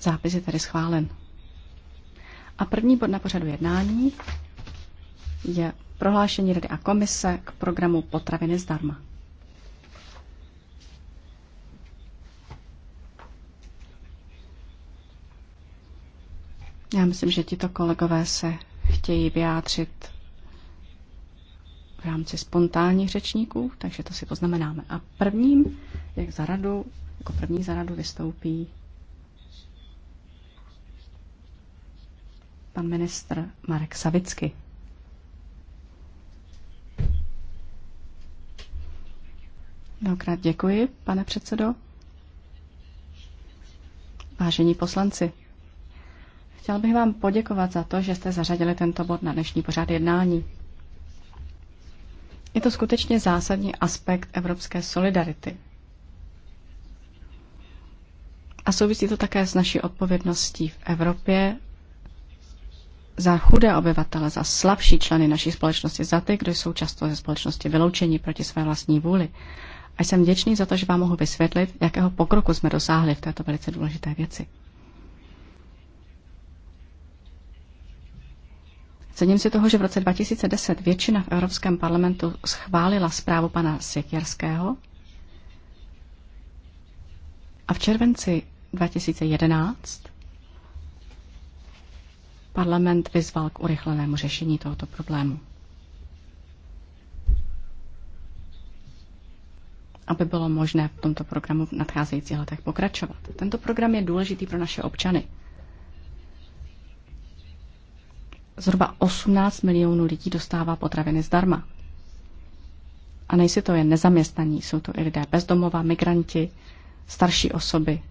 Zápis je tedy schválen. A první bod na pořadu jednání je prohlášení Rady a komise k programu Potraviny zdarma. Já myslím, že tito kolegové se chtějí vyjádřit v rámci spontánních řečníků, takže to si poznamenáme. A prvním, jak za radu, jako první za radu vystoupí pan ministr Marek Savicky. Mnohokrát děkuji, pane předsedo. Vážení poslanci, chtěl bych vám poděkovat za to, že jste zařadili tento bod na dnešní pořád jednání. Je to skutečně zásadní aspekt evropské solidarity. A souvisí to také s naší odpovědností v Evropě za chudé obyvatele, za slabší členy naší společnosti, za ty, kdo jsou často ze společnosti vyloučeni proti své vlastní vůli. A jsem vděčný za to, že vám mohu vysvětlit, jakého pokroku jsme dosáhli v této velice důležité věci. Cením si toho, že v roce 2010 většina v Evropském parlamentu schválila zprávu pana Sikierského a v červenci 2011 Parlament vyzval k urychlenému řešení tohoto problému. aby bylo možné v tomto programu v nadcházejících letech pokračovat. Tento program je důležitý pro naše občany. Zhruba 18 milionů lidí dostává potraviny zdarma. A nejsi to jen nezaměstnaní, jsou to i lidé bezdomova, migranti, starší osoby.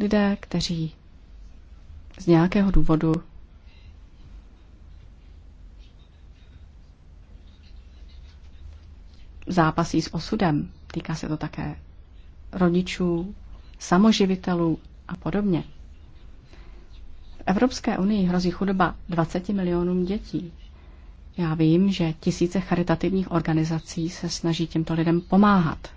Lidé, kteří z nějakého důvodu zápasí s osudem. Týká se to také rodičů, samoživitelů a podobně. V Evropské unii hrozí chudoba 20 milionům dětí. Já vím, že tisíce charitativních organizací se snaží těmto lidem pomáhat.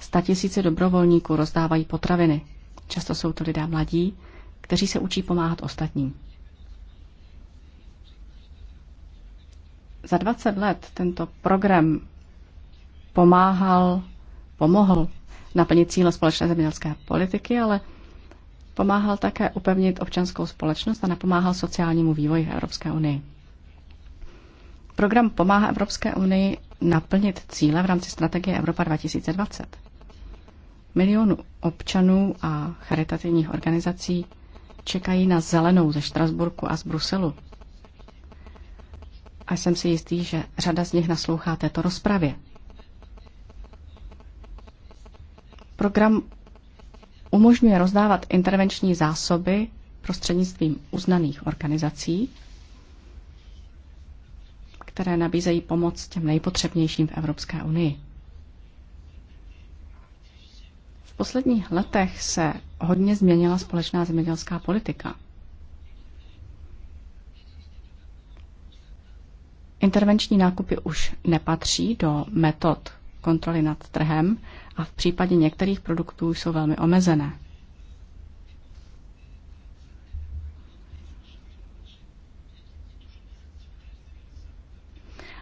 Statisíce dobrovolníků rozdávají potraviny. Často jsou to lidé mladí, kteří se učí pomáhat ostatním. Za 20 let tento program pomáhal, pomohl naplnit cíle společné zemědělské politiky, ale pomáhal také upevnit občanskou společnost a napomáhal sociálnímu vývoji v Evropské unii. Program pomáhá Evropské unii naplnit cíle v rámci strategie Evropa 2020. Milionu občanů a charitativních organizací čekají na zelenou ze Štrasburku a z Bruselu. A jsem si jistý, že řada z nich naslouchá této rozpravě. Program umožňuje rozdávat intervenční zásoby prostřednictvím uznaných organizací, které nabízejí pomoc těm nejpotřebnějším v Evropské unii. posledních letech se hodně změnila společná zemědělská politika. Intervenční nákupy už nepatří do metod kontroly nad trhem a v případě některých produktů jsou velmi omezené.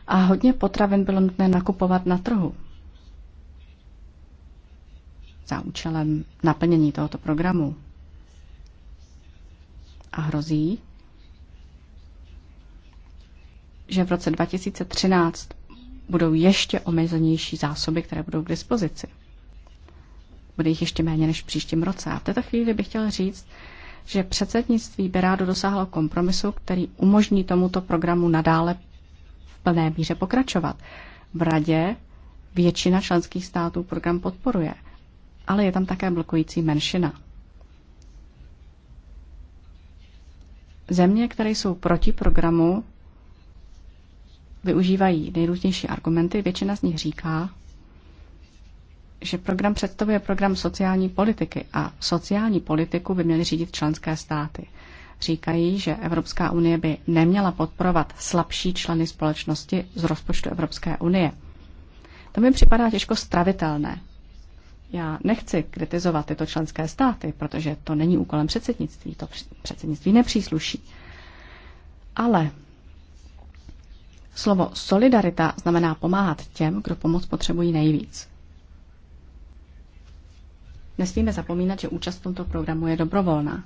A hodně potravin bylo nutné nakupovat na trhu, za účelem naplnění tohoto programu. A hrozí, že v roce 2013 budou ještě omezenější zásoby, které budou k dispozici. Bude jich ještě méně než v příštím roce. A v této chvíli bych chtěl říct, že předsednictví Berádu dosáhlo kompromisu, který umožní tomuto programu nadále v plné míře pokračovat. V radě většina členských států program podporuje ale je tam také blokující menšina. Země, které jsou proti programu, využívají nejrůznější argumenty. Většina z nich říká, že program představuje program sociální politiky a sociální politiku by měly řídit členské státy. Říkají, že Evropská unie by neměla podporovat slabší členy společnosti z rozpočtu Evropské unie. To mi připadá těžko stravitelné. Já nechci kritizovat tyto členské státy, protože to není úkolem předsednictví, to předsednictví nepřísluší. Ale slovo solidarita znamená pomáhat těm, kdo pomoc potřebují nejvíc. Nesmíme zapomínat, že účast v tomto programu je dobrovolná.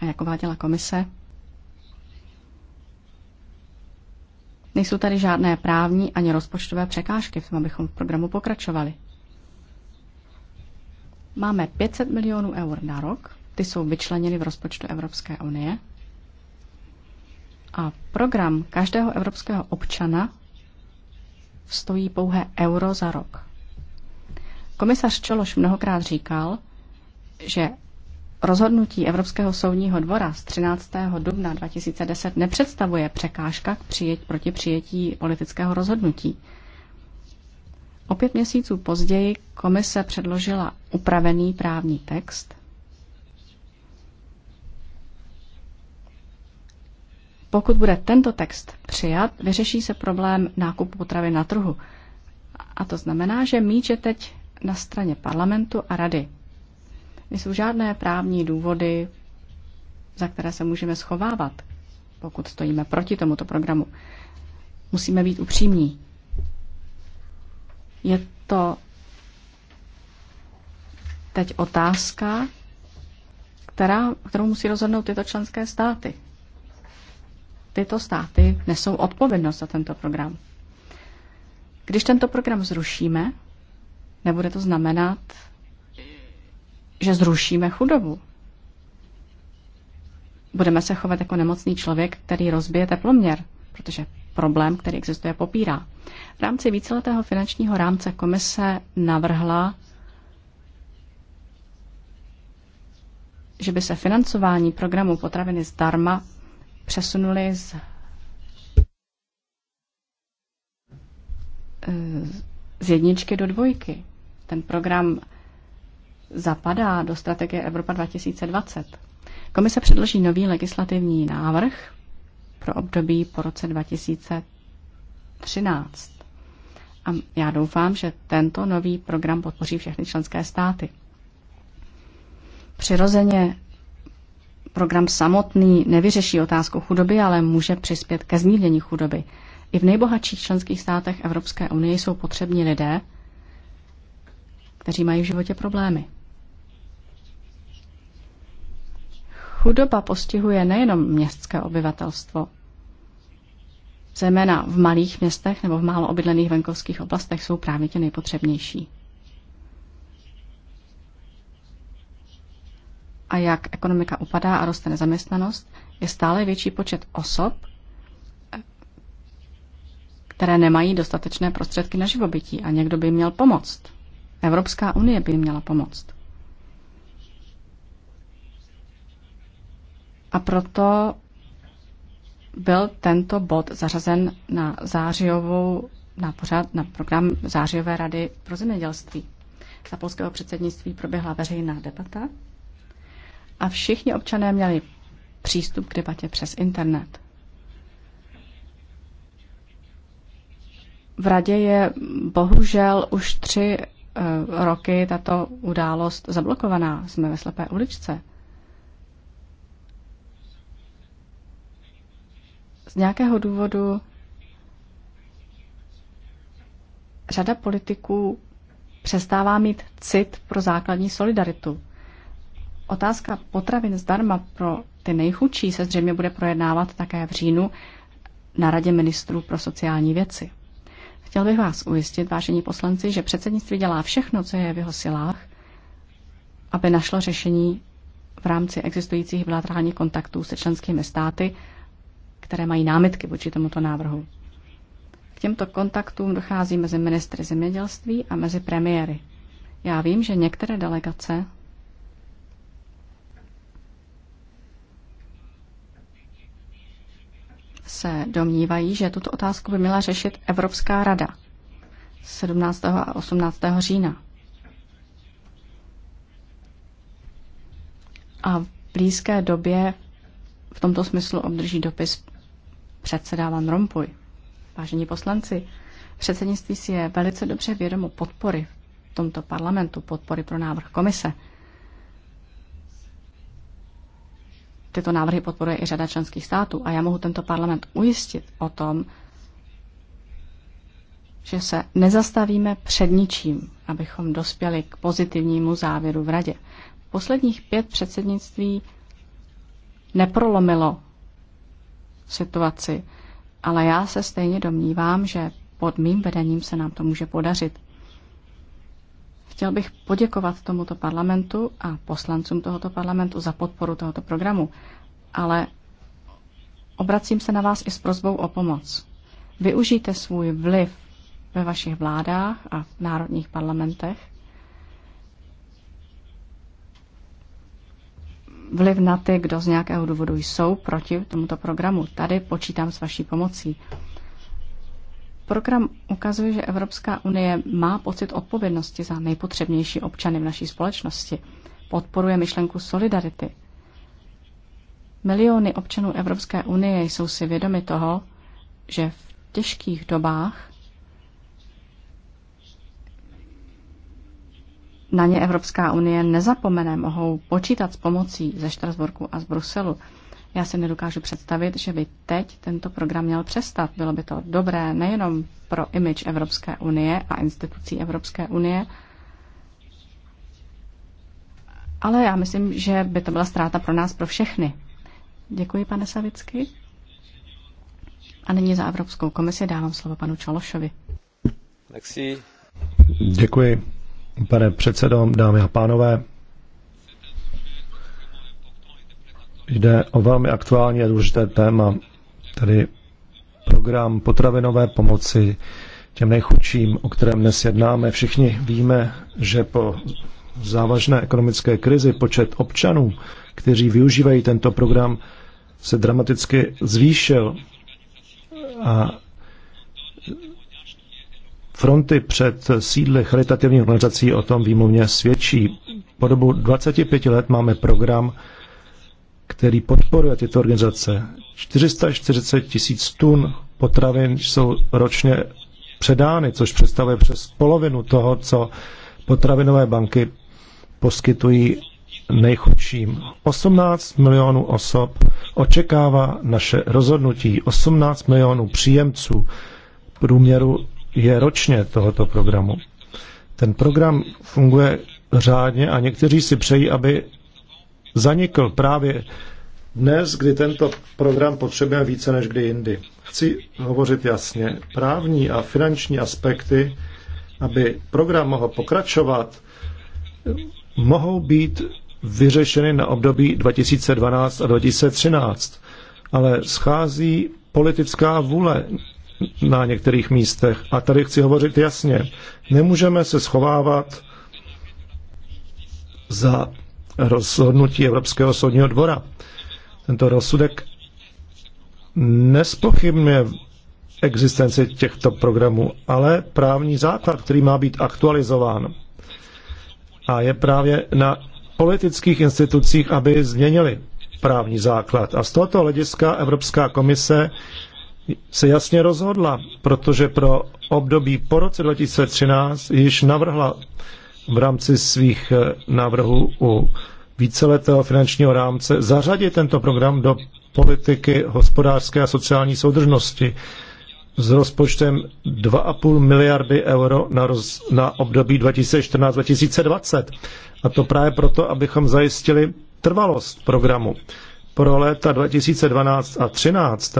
A jak uváděla komise, nejsou tady žádné právní ani rozpočtové překážky v tom, abychom v programu pokračovali. Máme 500 milionů eur na rok, ty jsou vyčleněny v rozpočtu Evropské unie. A program každého evropského občana stojí pouhé euro za rok. Komisař Čološ mnohokrát říkal, že rozhodnutí Evropského soudního dvora z 13. dubna 2010 nepředstavuje překážka k přijet, proti přijetí politického rozhodnutí. O pět měsíců později komise předložila upravený právní text. Pokud bude tento text přijat, vyřeší se problém nákupu potravy na trhu. A to znamená, že míč je teď na straně parlamentu a rady. Nejsou žádné právní důvody, za které se můžeme schovávat, pokud stojíme proti tomuto programu. Musíme být upřímní. Je to teď otázka, která, kterou musí rozhodnout tyto členské státy. Tyto státy nesou odpovědnost za tento program. Když tento program zrušíme, nebude to znamenat, že zrušíme chudobu. Budeme se chovat jako nemocný člověk, který rozbije teploměr protože problém, který existuje, popírá. V rámci víceletého finančního rámce komise navrhla, že by se financování programu potraviny zdarma přesunuli z, eh, z jedničky do dvojky. Ten program zapadá do strategie Evropa 2020. Komise předloží nový legislativní návrh, pro období po roce 2013. A já doufám, že tento nový program podpoří všechny členské státy. Přirozeně program samotný nevyřeší otázku chudoby, ale může přispět ke zmírnění chudoby. I v nejbohatších členských státech Evropské unie jsou potřební lidé, kteří mají v životě problémy. Chudoba postihuje nejenom městské obyvatelstvo. Zejména v malých městech nebo v málo obydlených venkovských oblastech jsou právě ti nejpotřebnější. A jak ekonomika upadá a roste nezaměstnanost, je stále větší počet osob, které nemají dostatečné prostředky na živobytí a někdo by měl pomoct. Evropská unie by měla pomoct. A proto byl tento bod zařazen na zářijovou, na pořád, na program zářijové rady pro zemědělství. Za polského předsednictví proběhla veřejná debata a všichni občané měli přístup k debatě přes internet. V radě je bohužel už tři eh, roky tato událost zablokovaná. Jsme ve slepé uličce. Z nějakého důvodu řada politiků přestává mít cit pro základní solidaritu. Otázka potravin zdarma pro ty nejchudší se zřejmě bude projednávat také v říjnu na Radě ministrů pro sociální věci. Chtěl bych vás ujistit, vážení poslanci, že předsednictví dělá všechno, co je v jeho silách, aby našlo řešení v rámci existujících bilaterálních kontaktů se členskými státy které mají námitky vůči tomuto návrhu. K těmto kontaktům dochází mezi ministry zemědělství a mezi premiéry. Já vím, že některé delegace se domnívají, že tuto otázku by měla řešit Evropská rada 17. a 18. října. A v blízké době v tomto smyslu obdrží dopis předsedá Van Rompuy. Vážení poslanci, předsednictví si je velice dobře vědomo podpory v tomto parlamentu, podpory pro návrh komise. Tyto návrhy podporuje i řada členských států a já mohu tento parlament ujistit o tom, že se nezastavíme před ničím, abychom dospěli k pozitivnímu závěru v Radě. Posledních pět předsednictví neprolomilo situaci, ale já se stejně domnívám, že pod mým vedením se nám to může podařit. Chtěl bych poděkovat tomuto parlamentu a poslancům tohoto parlamentu za podporu tohoto programu, ale obracím se na vás i s prozbou o pomoc. Využijte svůj vliv ve vašich vládách a v národních parlamentech vliv na ty, kdo z nějakého důvodu jsou proti tomuto programu. Tady počítám s vaší pomocí. Program ukazuje, že Evropská unie má pocit odpovědnosti za nejpotřebnější občany v naší společnosti. Podporuje myšlenku solidarity. Miliony občanů Evropské unie jsou si vědomi toho, že v těžkých dobách na ně Evropská unie nezapomene, mohou počítat s pomocí ze Štrasburku a z Bruselu. Já si nedokážu představit, že by teď tento program měl přestat. Bylo by to dobré nejenom pro image Evropské unie a institucí Evropské unie, ale já myslím, že by to byla ztráta pro nás, pro všechny. Děkuji, pane Savicky. A nyní za Evropskou komisi dávám slovo panu Čološovi. Děkuji. Pane předsedo, dámy a pánové, jde o velmi aktuální a důležité téma, tedy program potravinové pomoci těm nejchudším, o kterém dnes jednáme. Všichni víme, že po závažné ekonomické krizi počet občanů, kteří využívají tento program, se dramaticky zvýšil a Fronty před sídly charitativních organizací o tom výmluvně svědčí. Po dobu 25 let máme program, který podporuje tyto organizace. 440 tisíc tun potravin jsou ročně předány, což představuje přes polovinu toho, co potravinové banky poskytují nejchudším. 18 milionů osob očekává naše rozhodnutí, 18 milionů příjemců průměru je ročně tohoto programu. Ten program funguje řádně a někteří si přejí, aby zanikl právě dnes, kdy tento program potřebujeme více než kdy jindy. Chci hovořit jasně. Právní a finanční aspekty, aby program mohl pokračovat, mohou být vyřešeny na období 2012 a 2013, ale schází politická vůle na některých místech. A tady chci hovořit jasně. Nemůžeme se schovávat za rozhodnutí Evropského soudního dvora. Tento rozsudek nespochybňuje existenci těchto programů, ale právní základ, který má být aktualizován. A je právě na politických institucích, aby změnili právní základ. A z tohoto hlediska Evropská komise se jasně rozhodla, protože pro období po roce 2013 již navrhla v rámci svých eh, návrhů u víceletého finančního rámce zařadit tento program do politiky hospodářské a sociální soudržnosti s rozpočtem 2,5 miliardy euro na, roz, na období 2014-2020. A to právě proto, abychom zajistili trvalost programu. Pro léta 2012 a 2013,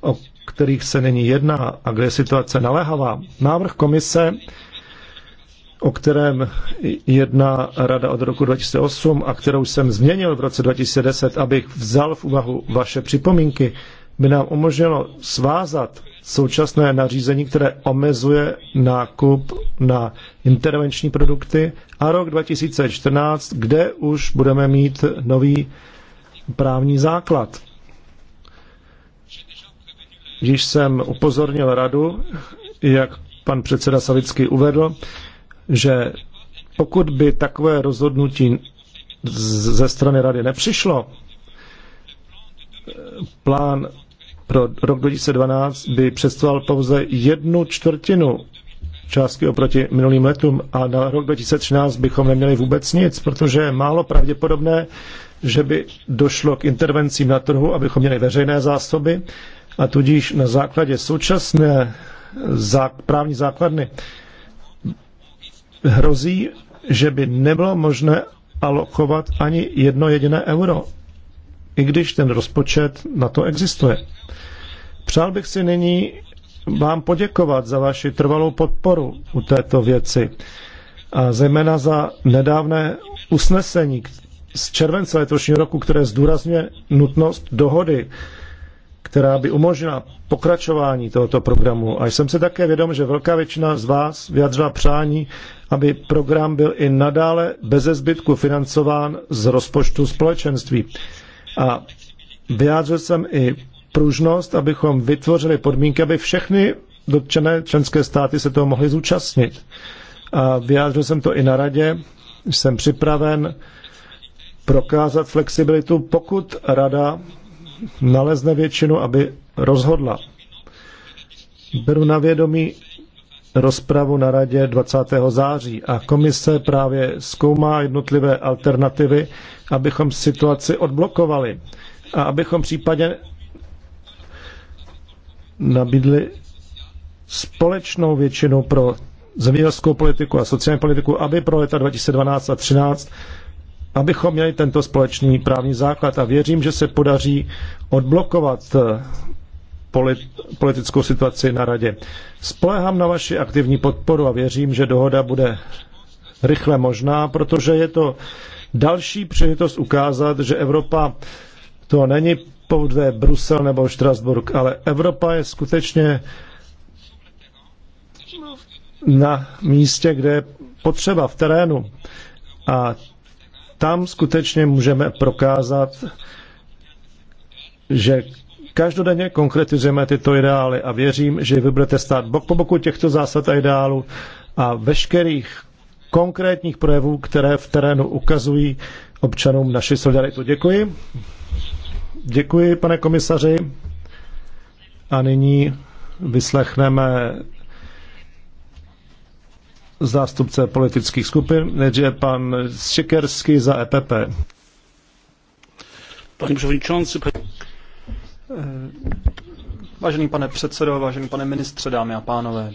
o kterých se není jedná a kde je situace naléhavá. Návrh komise, o kterém jedná Rada od roku 2008 a kterou jsem změnil v roce 2010, abych vzal v úvahu vaše připomínky, by nám umožnilo svázat současné nařízení, které omezuje nákup na intervenční produkty a rok 2014, kde už budeme mít nový právní základ. Již jsem upozornil radu, jak pan předseda Savický uvedl, že pokud by takové rozhodnutí ze strany rady nepřišlo, plán pro rok 2012 by představoval pouze jednu čtvrtinu částky oproti minulým letům a na rok 2013 bychom neměli vůbec nic, protože je málo pravděpodobné, že by došlo k intervencím na trhu, abychom měli veřejné zásoby a tudíž na základě současné zá, právní základny hrozí, že by nebylo možné alokovat ani jedno jediné euro, i když ten rozpočet na to existuje. Přál bych si nyní vám poděkovat za vaši trvalou podporu u této věci a zejména za nedávné usnesení z července letošního roku, které zdůrazňuje nutnost dohody která by umožnila pokračování tohoto programu. A jsem se také vědom, že velká většina z vás vyjadřila přání, aby program byl i nadále bez zbytku financován z rozpočtu společenství. A vyjádřil jsem i pružnost, abychom vytvořili podmínky, aby všechny dotčené členské státy se toho mohly zúčastnit. A vyjádřil jsem to i na radě. Jsem připraven prokázat flexibilitu, pokud rada nalezne většinu, aby rozhodla. Beru na vědomí rozpravu na radě 20. září a komise právě zkoumá jednotlivé alternativy, abychom situaci odblokovali a abychom případně nabídli společnou většinu pro zemědělskou politiku a sociální politiku, aby pro leta 2012 a 2013 abychom měli tento společný právní základ a věřím, že se podaří odblokovat eh, politickou situaci na radě. Spolehám na vaši aktivní podporu a věřím, že dohoda bude rychle možná, protože je to další příležitost ukázat, že Evropa to není pouze Brusel nebo Štrasburg, ale Evropa je skutečně na místě, kde je potřeba v terénu. A tam skutečně můžeme prokázat, že každodenně konkretizujeme tyto ideály a věřím, že vy budete stát bok po boku těchto zásad a ideálů a veškerých konkrétních projevů, které v terénu ukazují občanům naši solidaritu. Děkuji. Děkuji, pane komisaři. A nyní vyslechneme zástupce politických skupin. Nejdříve pan Šikersky za EPP. Pane předsedající, Vážený pane předsedo, vážený pane ministře, dámy a pánové.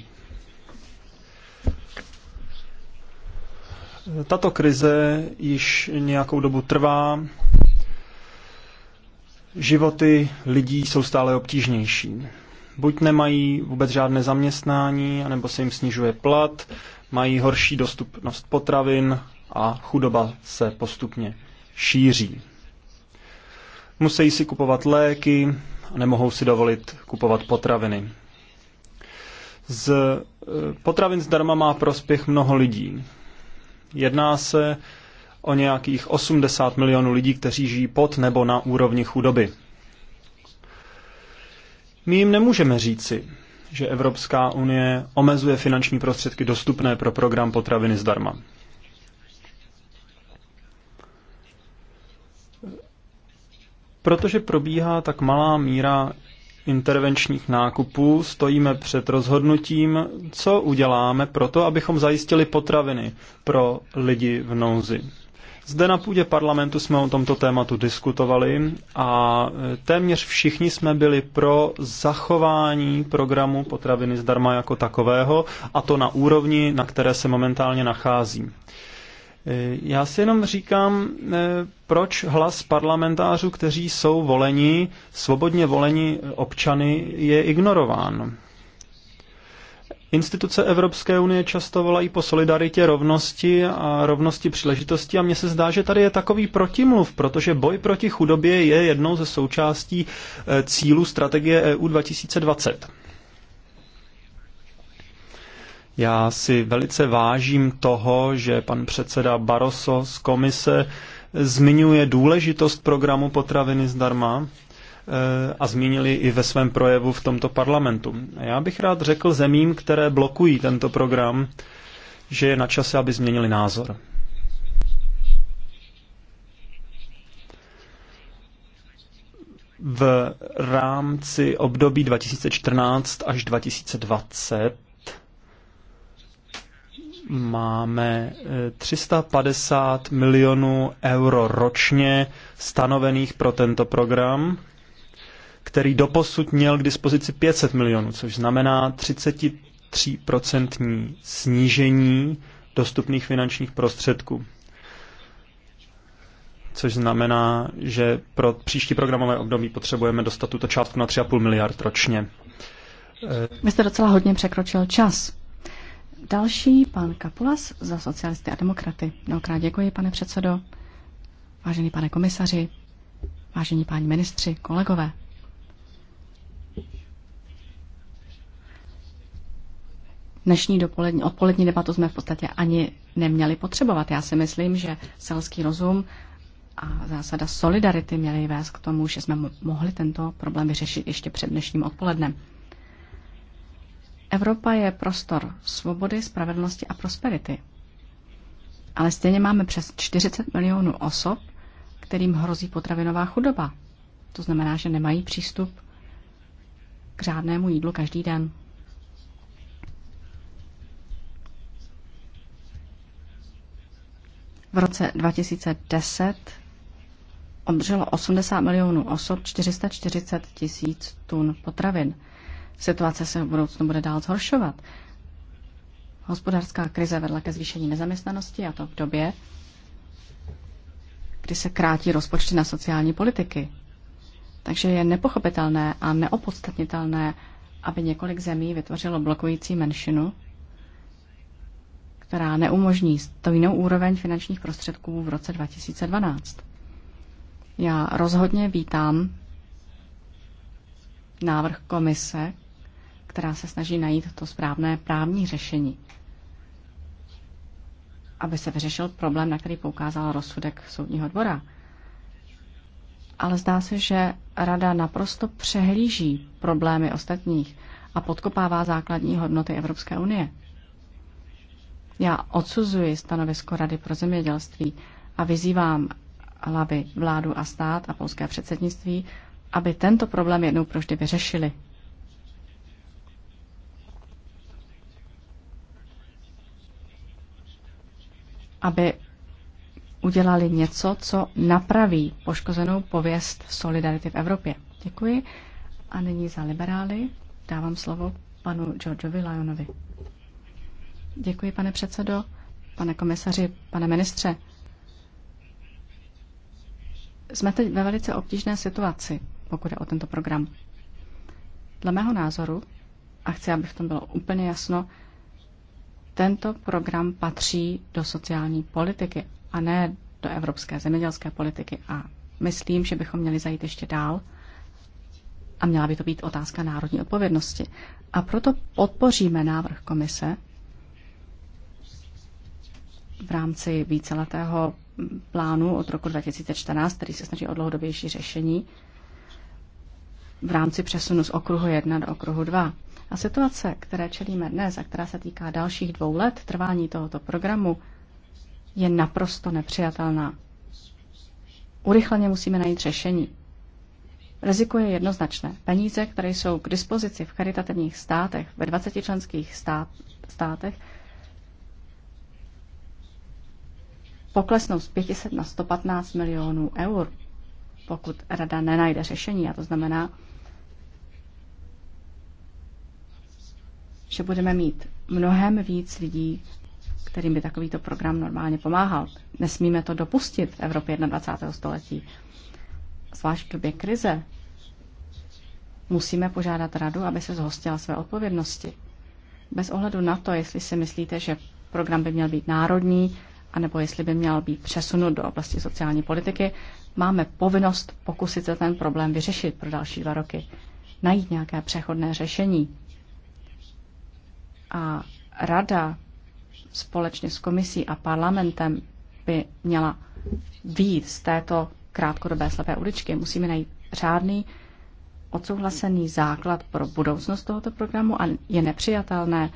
Tato krize již nějakou dobu trvá. Životy lidí jsou stále obtížnější. Buď nemají vůbec žádné zaměstnání, anebo se jim snižuje plat, mají horší dostupnost potravin a chudoba se postupně šíří. Musí si kupovat léky a nemohou si dovolit kupovat potraviny. Z e, potravin zdarma má prospěch mnoho lidí. Jedná se o nějakých 80 milionů lidí, kteří žijí pod nebo na úrovni chudoby. My jim nemůžeme říci, že Evropská unie omezuje finanční prostředky dostupné pro program potraviny zdarma. Protože probíhá tak malá míra intervenčních nákupů, stojíme před rozhodnutím, co uděláme pro to, abychom zajistili potraviny pro lidi v nouzi. Zde na půdě parlamentu jsme o tomto tématu diskutovali a e, téměř všichni jsme byli pro zachování programu potraviny zdarma jako takového a to na úrovni, na které se momentálně nachází. E, já si jenom říkám, e, proč hlas parlamentářů, kteří jsou voleni, svobodně voleni občany, je ignorován. Instituce Evropské unie často volají po solidaritě, rovnosti a rovnosti příležitosti a mně se zdá, že tady je takový protimluv, protože boj proti chudobě je jednou ze součástí eh, cílů strategie EU 2020. Já si velice vážím toho, že pan předseda Barroso z komise zmiňuje důležitost programu potraviny zdarma Eh, a zmínili i ve svém projevu v tomto parlamentu. Já bych rád řekl zemím, které blokují tento program, že je na čase, aby změnili názor. V rámci období 2014 až 2020 máme 350 eh, milionů euro ročně stanovených pro tento program který doposud měl k dispozici 500 milionů, což znamená 33% snížení dostupných finančních prostředků. Což znamená, že pro příští programové období potřebujeme dostat tuto částku na 3,5 miliard ročně. Vy jste docela hodně překročil čas. Další pan Kapulas za socialisty a demokraty. Mnohokrát děkuji, pane předsedo, vážený pane komisaři, vážení páni ministři, kolegové. dnešní dopolední, odpolední debatu jsme v podstatě ani neměli potřebovat. Já si myslím, že selský rozum a zásada solidarity měly vést k tomu, že jsme mohli tento problém vyřešit ještě před dnešním odpolednem. Evropa je prostor svobody, spravedlnosti a prosperity. Ale stejně máme přes 40 milionů osob, kterým hrozí potravinová chudoba. To znamená, že nemají přístup k řádnému jídlu každý den. v roce 2010 obdrželo 80 milionů osob 440 tisíc tun potravin. Situace se v budoucnu bude dál zhoršovat. Hospodářská krize vedla ke zvýšení nezaměstnanosti a to v době, kdy se krátí rozpočty na sociální politiky. Takže je nepochopitelné a neopodstatnitelné, aby několik zemí vytvořilo blokující menšinu, která neumožní stojnou úroveň finančních prostředků v roce 2012. Já rozhodně vítám návrh komise, která se snaží najít to správné právní řešení, aby se vyřešil problém, na který poukázal rozsudek soudního dvora. Ale zdá se, že rada naprosto přehlíží problémy ostatních a podkopává základní hodnoty Evropské unie. Já odsuzuji stanovisko Rady pro zemědělství a vyzývám hlavy vládu a stát a polské předsednictví, aby tento problém jednou proždy vyřešili. Aby udělali něco, co napraví poškozenou pověst solidarity v Evropě. Děkuji. A nyní za liberály dávám slovo panu Georgeovi Lyonovi. Děkuji, pane předsedo, pane komisaři, pane ministře. Jsme teď ve velice obtížné situaci, pokud je o tento program. Dle mého názoru, a chci, aby v tom bylo úplně jasno, tento program patří do sociální politiky a ne do evropské zemědělské politiky. A myslím, že bychom měli zajít ještě dál a měla by to být otázka národní odpovědnosti. A proto podpoříme návrh komise, v rámci víceletého plánu od roku 2014, který se snaží o dlouhodobější řešení v rámci přesunu z okruhu 1 do okruhu 2. A situace, které čelíme dnes a která se týká dalších dvou let trvání tohoto programu, je naprosto nepřijatelná. Urychleně musíme najít řešení. Riziko je jednoznačné. Peníze, které jsou k dispozici v charitativních státech, ve 20 členských stát, státech, poklesnou z 500 na 115 milionů eur, pokud rada nenajde řešení. A to znamená, že budeme mít mnohem víc lidí, kterým by takovýto program normálně pomáhal. Nesmíme to dopustit v Evropě 21. století. Zvlášť v době krize musíme požádat radu, aby se zhostila své odpovědnosti. Bez ohledu na to, jestli si myslíte, že program by měl být národní anebo jestli by měl být přesunut do oblasti sociální politiky, máme povinnost pokusit se ten problém vyřešit pro další dva roky. Najít nějaké přechodné řešení. A rada společně s komisí a parlamentem by měla výjít z této krátkodobé slepé uličky. Musíme najít řádný odsouhlasený základ pro budoucnost tohoto programu a je nepřijatelné,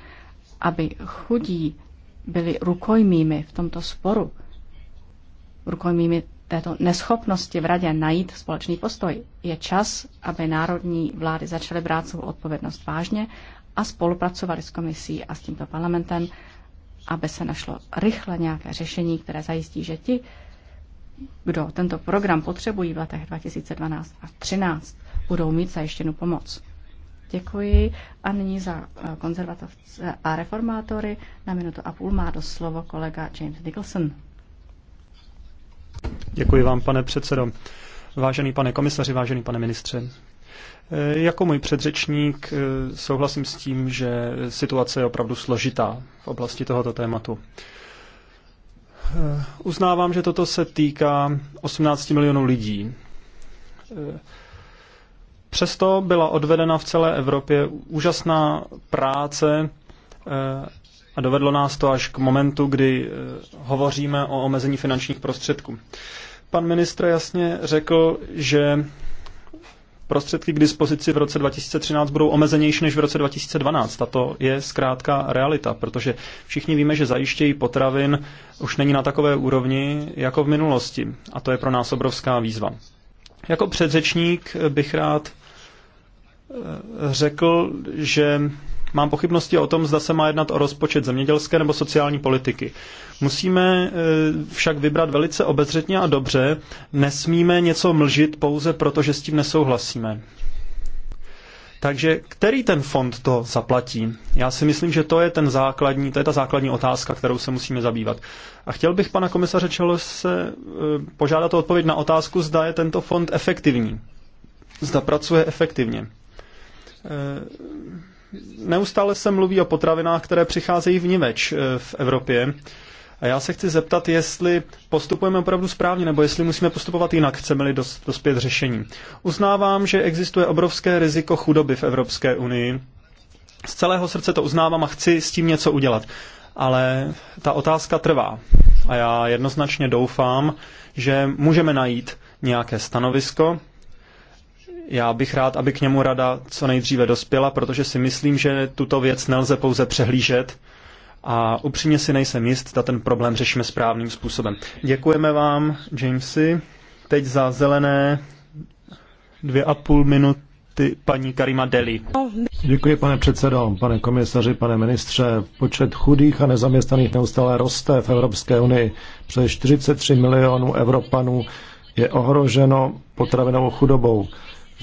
aby chudí byli rukojmími v tomto sporu, rukojmími této neschopnosti v radě najít společný postoj. Je čas, aby národní vlády začaly brát svou odpovědnost vážně a spolupracovali s komisí a s tímto parlamentem, aby se našlo rychle nějaké řešení, které zajistí, že ti, kdo tento program potřebují v letech 2012 a 2013, budou mít zajištěnu pomoc. Děkuji. A nyní za eh, konzervativce a reformátory na minutu a půl má do slovo kolega James Nicholson. Děkuji vám, pane předsedo. Vážený pane komisaři, vážený pane ministře, eh, jako můj předřečník eh, souhlasím s tím, že situace je opravdu složitá v oblasti tohoto tématu. Uznávám, že toto se týká 18 milionů lidí. Přesto byla odvedena v celé Evropě úžasná práce eh, a dovedlo nás to až k momentu, kdy eh, hovoříme o omezení finančních prostředků. Pan ministr jasně řekl, že prostředky k dispozici v roce 2013 budou omezenější než v roce 2012. Tato je zkrátka realita, protože všichni víme, že zajištění potravin už není na takové úrovni jako v minulosti. A to je pro nás obrovská výzva. Jako předřečník bych rád řekl, že mám pochybnosti o tom, zda se má jednat o rozpočet zemědělské nebo sociální politiky. Musíme e, však vybrat velice obezřetně a dobře, nesmíme něco mlžit pouze proto, že s tím nesouhlasíme. Takže který ten fond to zaplatí? Já si myslím, že to je ten základní, to je ta základní otázka, kterou se musíme zabývat. A chtěl bych pana komisaře se e, požádat o odpověď na otázku, zda je tento fond efektivní. Zda pracuje efektivně. Eh, neustále se mluví o potravinách, které přicházejí v vniveč eh, v Evropě. A já se chci zeptat, jestli postupujeme opravdu správně, nebo jestli musíme postupovat jinak, chceme-li dospět řešení. Uznávám, že existuje obrovské riziko chudoby v Evropské unii. Z celého srdce to uznávám a chci s tím něco udělat. Ale ta otázka trvá. A já jednoznačně doufám, že můžeme najít nějaké stanovisko, já bych rád, aby k němu rada co nejdříve dospěla, protože si myslím, že tuto věc nelze pouze přehlížet a upřímně si nejsem jist, zda ten problém řešíme správným způsobem. Děkujeme vám, Jamesy. Teď za zelené dvě a půl minuty paní Karima Deli. Děkuji, pane předsedo, pane komisaři, pane ministře. Počet chudých a nezaměstnaných neustále roste v Evropské unii. Přes 43 milionů Evropanů je ohroženo potravinovou chudobou.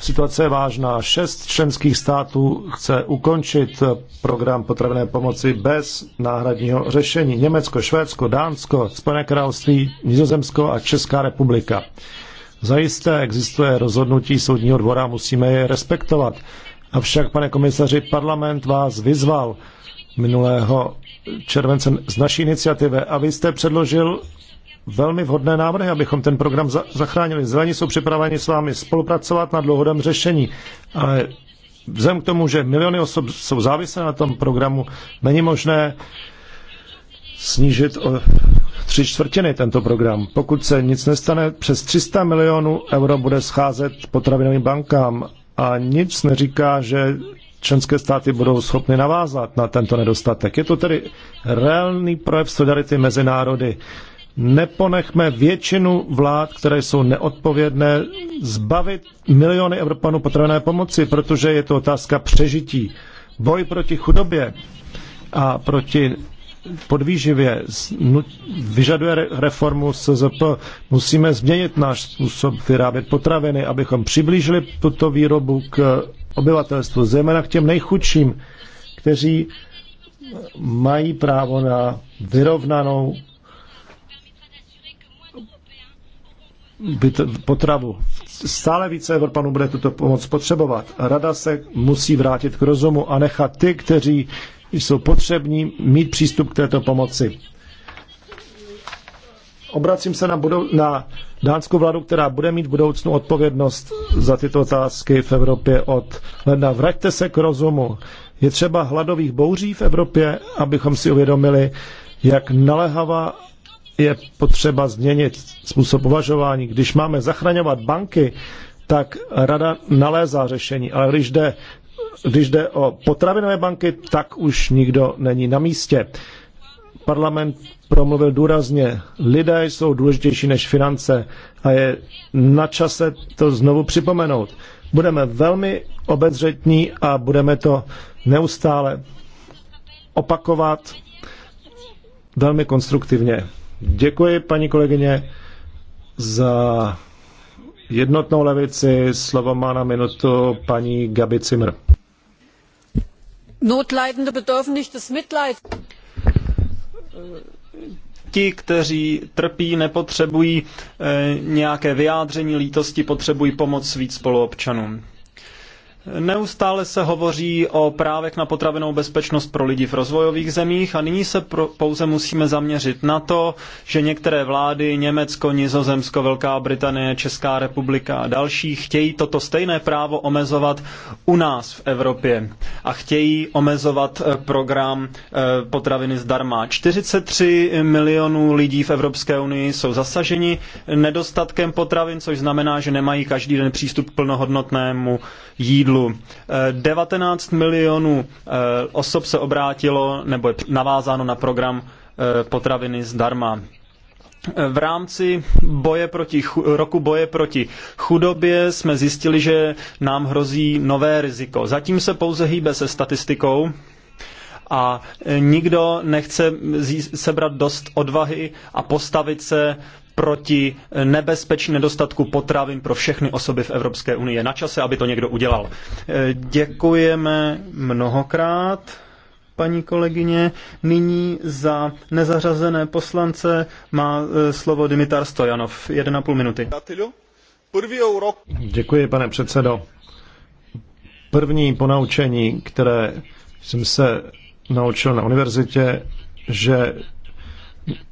Situace je vážná. Šest členských států chce ukončit program potravné pomoci bez náhradního řešení. Německo, Švédsko, Dánsko, Spojené království, Nizozemsko a Česká republika. Zajisté existuje rozhodnutí soudního dvora, musíme je respektovat. Avšak, pane komisaři, parlament vás vyzval minulého července z naší iniciativy, abyste předložil velmi vhodné návrhy, abychom ten program za- zachránili. Zelení jsou připraveni s vámi spolupracovat na dlouhodobém řešení, ale vzhledem k tomu, že miliony osob jsou závislé na tom programu, není možné snížit o tři čtvrtiny tento program. Pokud se nic nestane, přes 300 milionů euro bude scházet potravinovým bankám a nic neříká, že členské státy budou schopny navázat na tento nedostatek. Je to tedy reálný projev solidarity mezi národy neponechme většinu vlád, které jsou neodpovědné, zbavit miliony Evropanů potravené pomoci, protože je to otázka přežití. Boj proti chudobě a proti podvýživě vyžaduje reformu SZP. Musíme změnit náš způsob vyrábět potraviny, abychom přiblížili tuto výrobu k obyvatelstvu, zejména k těm nejchudším, kteří mají právo na vyrovnanou byt potravu. Stále více Evropanů bude tuto pomoc potřebovat. Rada se musí vrátit k rozumu a nechat ty, kteří jsou potřební, mít přístup k této pomoci. Obracím se na, budou, na dánskou vládu, která bude mít v budoucnu odpovědnost za tyto otázky v Evropě od ledna. Vraťte se k rozumu. Je třeba hladových bouří v Evropě, abychom si uvědomili, jak naléhavá je potřeba změnit způsob uvažování. Když máme zachraňovat banky, tak rada nalézá řešení, ale když jde, když jde o potravinové banky, tak už nikdo není na místě. Parlament promluvil důrazně, lidé jsou důležitější než finance a je na čase to znovu připomenout. Budeme velmi obezřetní a budeme to neustále opakovat velmi konstruktivně. Děkuji, paní kolegyně, za jednotnou levici. Slovo má na minutu paní Gabi Zimmer. Notleidende bedürfen nicht des Ti, kteří trpí, nepotřebují e, nějaké vyjádření lítosti, potřebují pomoc svých spoluobčanům. Neustále se hovoří o právech na potravinou bezpečnost pro lidi v rozvojových zemích a nyní se pro, pouze musíme zaměřit na to, že některé vlády, Německo, Nizozemsko, Velká Británie, Česká republika a další, chtějí toto stejné právo omezovat u nás v Evropě a chtějí omezovat eh, program eh, potraviny zdarma. 43 milionů lidí v Evropské unii jsou zasaženi nedostatkem potravin, což znamená, že nemají každý den přístup k plnohodnotnému jídlu Eh, cílu. 19 milionů eh, osob se obrátilo nebo je navázáno na program eh, potraviny zdarma. V rámci boje proti, roku boje proti chudobě jsme zjistili, že nám hrozí nové riziko. Zatím se pouze hýbe se statistikou a nikdo nechce sebrat dost odvahy a postavit se proti nebezpečí nedostatku potravin pro všechny osoby v Evropské unii. Je na čase, aby to někdo udělal. E, děkujeme mnohokrát paní kolegyně. Nyní za nezařazené poslance má e, slovo Dimitar Stojanov. 1,5 minuty. Děkuji, pane předsedo. První ponaučení, které jsem se naučil na univerzitě, že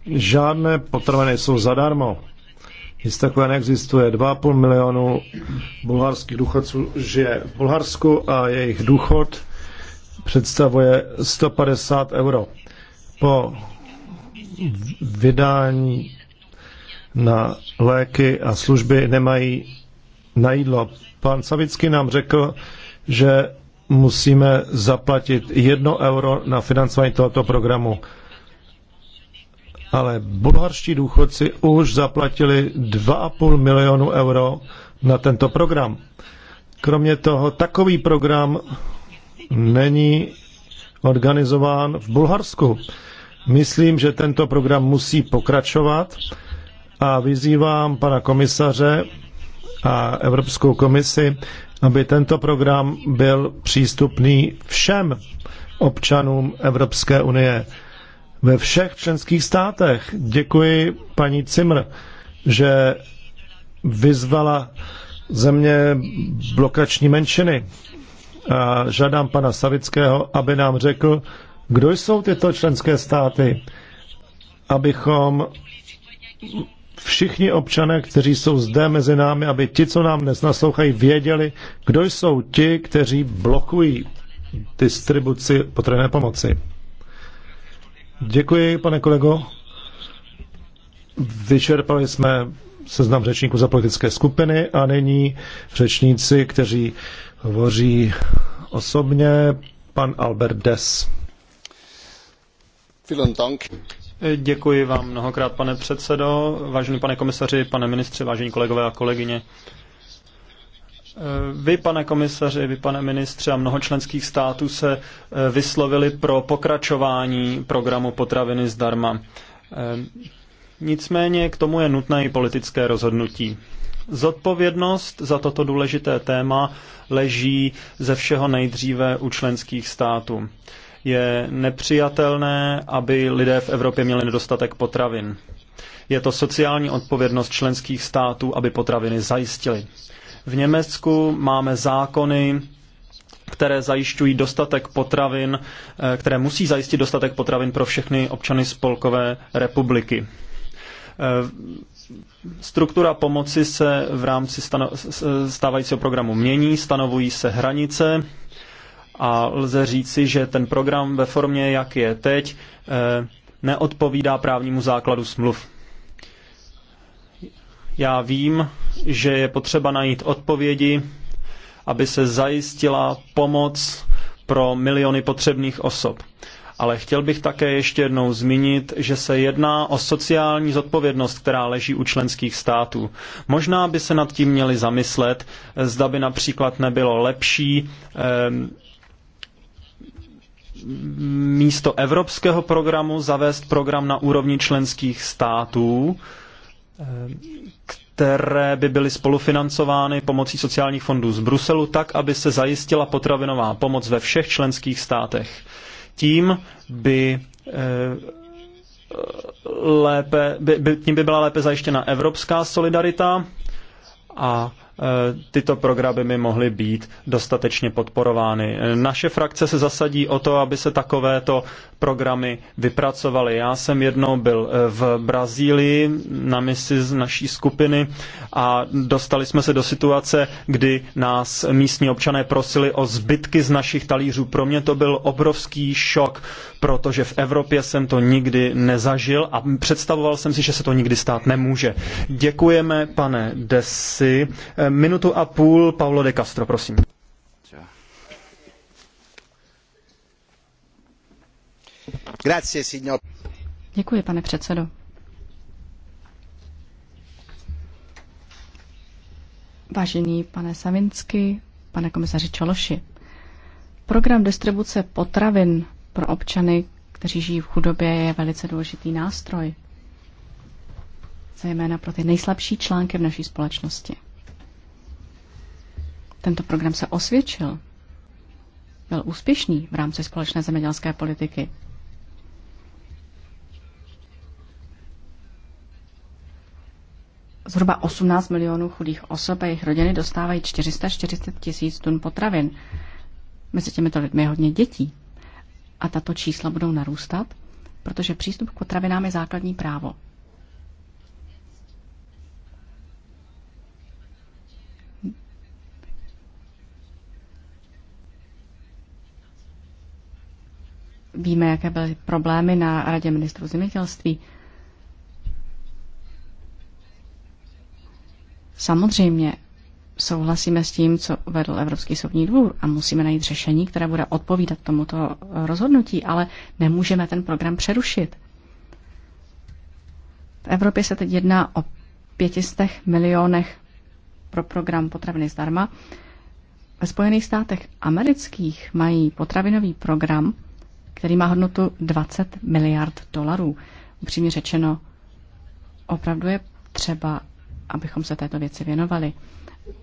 žádné potraviny jsou zadarmo. Nic takového neexistuje. 2,5 milionu bulharských důchodců žije v Bulharsku a jejich důchod představuje 150 euro. Po vydání na léky a služby nemají na jídlo. Pan Savický nám řekl, že musíme zaplatit jedno euro na financování tohoto programu ale bulharští důchodci už zaplatili 2,5 milionu euro na tento program. Kromě toho, takový program není organizován v Bulharsku. Myslím, že tento program musí pokračovat a vyzývám pana komisaře a Evropskou komisi, aby tento program byl přístupný všem občanům Evropské unie ve všech členských státech. Děkuji paní Cimr, že vyzvala země blokační menšiny. A žádám pana Savického, aby nám řekl, kdo jsou tyto členské státy, abychom všichni občané, kteří jsou zde mezi námi, aby ti, co nám dnes naslouchají, věděli, kdo jsou ti, kteří blokují distribuci potřebné pomoci. Děkuji, pane kolego. Vyčerpali jsme seznam řečníků za politické skupiny a nyní řečníci, kteří hovoří osobně, pan Albert Des. Děkuji vám mnohokrát, pane předsedo, vážený pane komisaři, pane ministře, vážení kolegové a kolegyně. Vy, pane komisaři, vy, pane ministře a mnoho členských států se eh, vyslovili pro pokračování programu potraviny zdarma. Eh, nicméně k tomu je nutné i politické rozhodnutí. Zodpovědnost za toto důležité téma leží ze všeho nejdříve u členských států. Je nepřijatelné, aby lidé v Evropě měli nedostatek potravin. Je to sociální odpovědnost členských států, aby potraviny zajistili. V Německu máme zákony, které zajišťují dostatek potravin, eh, které musí zajistit dostatek potravin pro všechny občany Spolkové republiky. Eh, struktura pomoci se v rámci stávajícího programu mění, stanovují se hranice a lze říci, že ten program ve formě, jak je teď, eh, neodpovídá právnímu základu smluv. Já vím, že je potřeba najít odpovědi, aby se zajistila pomoc pro miliony potřebných osob. Ale chtěl bych také ještě jednou zmínit, že se jedná o sociální zodpovědnost, která leží u členských států. Možná by se nad tím měli zamyslet, zda by například nebylo lepší ehm, místo evropského programu zavést program na úrovni členských států, které by byly spolufinancovány pomocí sociálních fondů z Bruselu tak, aby se zajistila potravinová pomoc ve všech členských státech. Tím by eh, lépe, by, by, tím by byla lépe zajištěna evropská solidarita a Eh, tyto programy by mohly být dostatečně podporovány. Eh, naše frakce se zasadí o to, aby se takovéto programy vypracovaly. Já jsem jednou byl eh, v Brazílii na misi z naší skupiny a dostali jsme se do situace, kdy nás místní občané prosili o zbytky z našich talířů. Pro mě to byl obrovský šok, protože v Evropě jsem to nikdy nezažil a představoval jsem si, že se to nikdy stát nemůže. Děkujeme, pane Desi. Eh, minutu a půl, Paulo de Castro, prosím. Děkuji, pane předsedo. Vážený pane Savinsky, pane komisaři Čološi, program distribuce potravin pro občany, kteří žijí v chudobě, je velice důležitý nástroj, zejména pro ty nejslabší články v naší společnosti. Tento program se osvědčil. Byl úspěšný v rámci společné zemědělské politiky. Zhruba 18 milionů chudých osob a jejich rodiny dostávají 440 tisíc tun potravin. Mezi těmito lidmi je hodně dětí. A tato čísla budou narůstat, protože přístup k potravinám je základní právo. Víme, jaké byly problémy na Radě ministrů zemědělství. Samozřejmě souhlasíme s tím, co vedl Evropský soudní dvůr a musíme najít řešení, které bude odpovídat tomuto rozhodnutí, ale nemůžeme ten program přerušit. V Evropě se teď jedná o 500 milionech pro program potraviny zdarma. Ve Spojených státech amerických mají potravinový program, který má hodnotu 20 miliard dolarů. Upřímně řečeno, opravdu je třeba, abychom se této věci věnovali.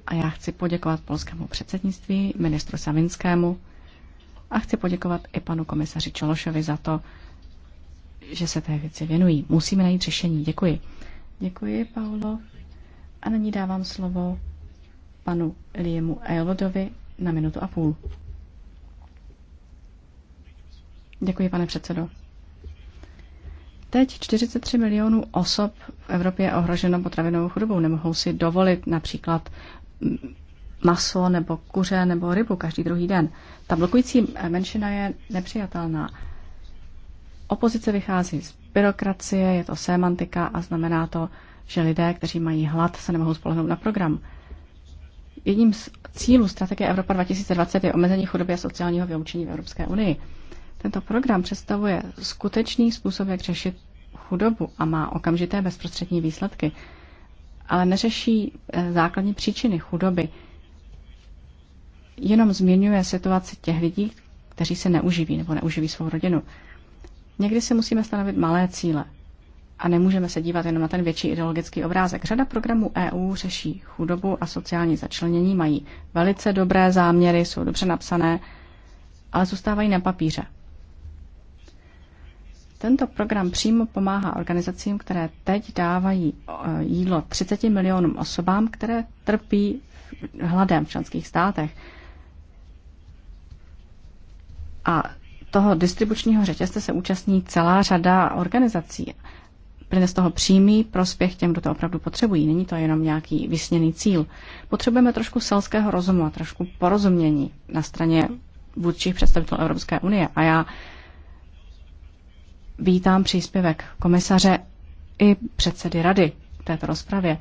A já chci poděkovat polskému předsednictví, ministru Savinskému a chci poděkovat i panu komisaři Čološovi za to, že se té věci věnují. Musíme najít řešení. Děkuji. Děkuji, Paulo. A na ní dávám slovo panu Liemu Eilvodovi na minutu a půl. Děkuji, pane předsedo. Teď 43 milionů osob v Evropě je ohroženo potravinovou chudobou. Nemohou si dovolit například maso nebo kuře nebo rybu každý druhý den. Ta blokující menšina je nepřijatelná. Opozice vychází z byrokracie, je to semantika a znamená to, že lidé, kteří mají hlad, se nemohou spolehnout na program. Jedním z cílů strategie Evropa 2020 je omezení chudoby a sociálního vyloučení v Evropské unii. Tento program představuje skutečný způsob, jak řešit chudobu a má okamžité bezprostřední výsledky, ale neřeší eh, základní příčiny chudoby. Jenom změňuje situaci těch lidí, kteří se neuživí nebo neuživí svou rodinu. Někdy si musíme stanovit malé cíle a nemůžeme se dívat jenom na ten větší ideologický obrázek. Řada programů EU řeší chudobu a sociální začlenění, mají velice dobré záměry, jsou dobře napsané, ale zůstávají na papíře. Tento program přímo pomáhá organizacím, které teď dávají eh, jídlo 30 milionům osobám, které trpí hladem v členských státech. A toho distribučního řetězce se účastní celá řada organizací. Plyne z toho přímý prospěch těm, kdo to opravdu potřebují. Není to jenom nějaký vysněný cíl. Potřebujeme trošku selského rozumu a trošku porozumění na straně vůdčích představitelů Evropské unie. A já vítám příspěvek komisaře i předsedy rady v této rozpravě.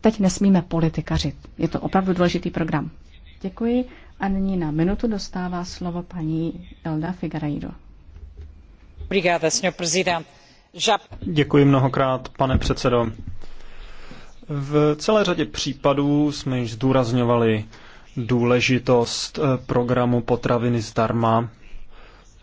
Teď nesmíme politikařit. Je to opravdu důležitý program. Děkuji a nyní na minutu dostává slovo paní Elda Figueiredo. Děkuji mnohokrát, pane předsedo. V celé řadě případů jsme již zdůrazňovali důležitost eh, programu potraviny zdarma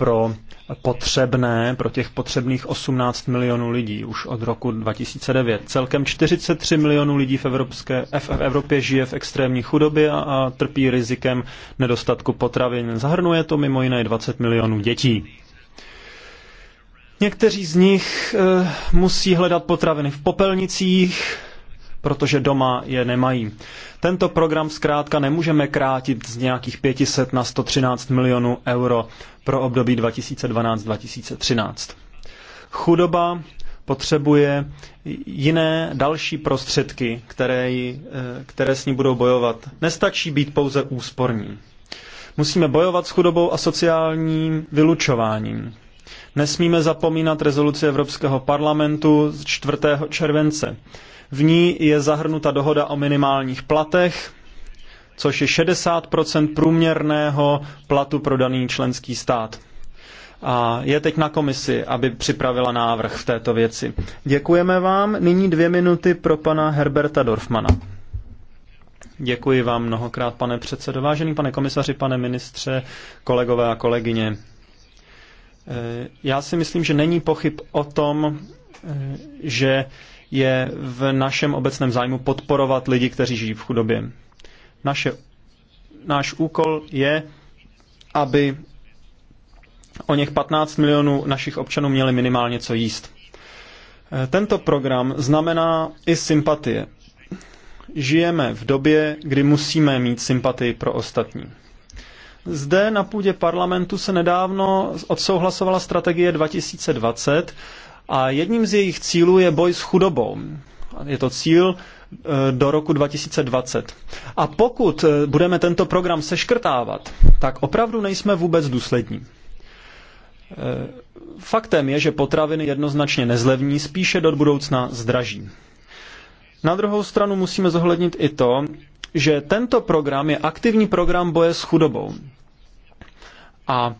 pro potřebné, pro těch potřebných 18 milionů lidí už od roku 2009. Celkem 43 milionů lidí v, Evropské, v Evropě žije v extrémní chudobě a, a trpí rizikem nedostatku potravin. Zahrnuje to mimo jiné 20 milionů dětí. Někteří z nich e, musí hledat potraviny v popelnicích, protože doma je nemají. Tento program zkrátka nemůžeme krátit z nějakých 500 na 113 milionů euro pro období 2012-2013. Chudoba potřebuje jiné další prostředky, které, eh, které s ní budou bojovat. Nestačí být pouze úsporní. Musíme bojovat s chudobou a sociálním vylučováním. Nesmíme zapomínat rezoluci Evropského parlamentu z 4. července. V ní je zahrnuta dohoda o minimálních platech, což je 60 průměrného platu pro daný členský stát. A je teď na komisi, aby připravila návrh v této věci. Děkujeme vám. Nyní dvě minuty pro pana Herberta Dorfmana. Děkuji vám mnohokrát, pane předsedo. Vážený pane komisaři, pane ministře, kolegové a kolegyně. Eh, já si myslím, že není pochyb o tom, eh, že je v našem obecném zájmu podporovat lidi, kteří žijí v chudobě. Naše, náš úkol je, aby o něch 15 milionů našich občanů měli minimálně co jíst. Tento program znamená i sympatie. Žijeme v době, kdy musíme mít sympatii pro ostatní. Zde na půdě parlamentu se nedávno odsouhlasovala strategie 2020, a jedním z jejich cílů je boj s chudobou. Je to cíl eh, do roku 2020. A pokud eh, budeme tento program seškrtávat, tak opravdu nejsme vůbec důslední. Eh, faktem je, že potraviny jednoznačně nezlevní, spíše do budoucna zdraží. Na druhou stranu musíme zohlednit i to, že tento program je aktivní program boje s chudobou. A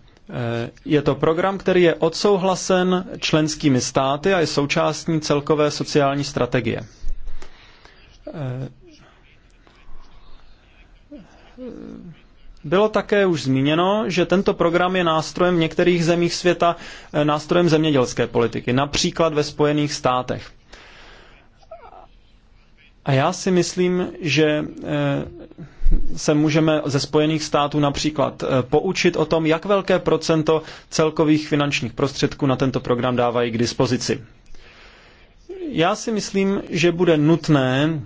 je to program, který je odsouhlasen členskými státy a je součástí celkové sociální strategie. Bylo také už zmíněno, že tento program je nástrojem v některých zemích světa, nástrojem zemědělské politiky, například ve Spojených státech. A já si myslím, že eh, se můžeme ze Spojených států například eh, poučit o tom, jak velké procento celkových finančních prostředků na tento program dávají k dispozici. Já si myslím, že bude nutné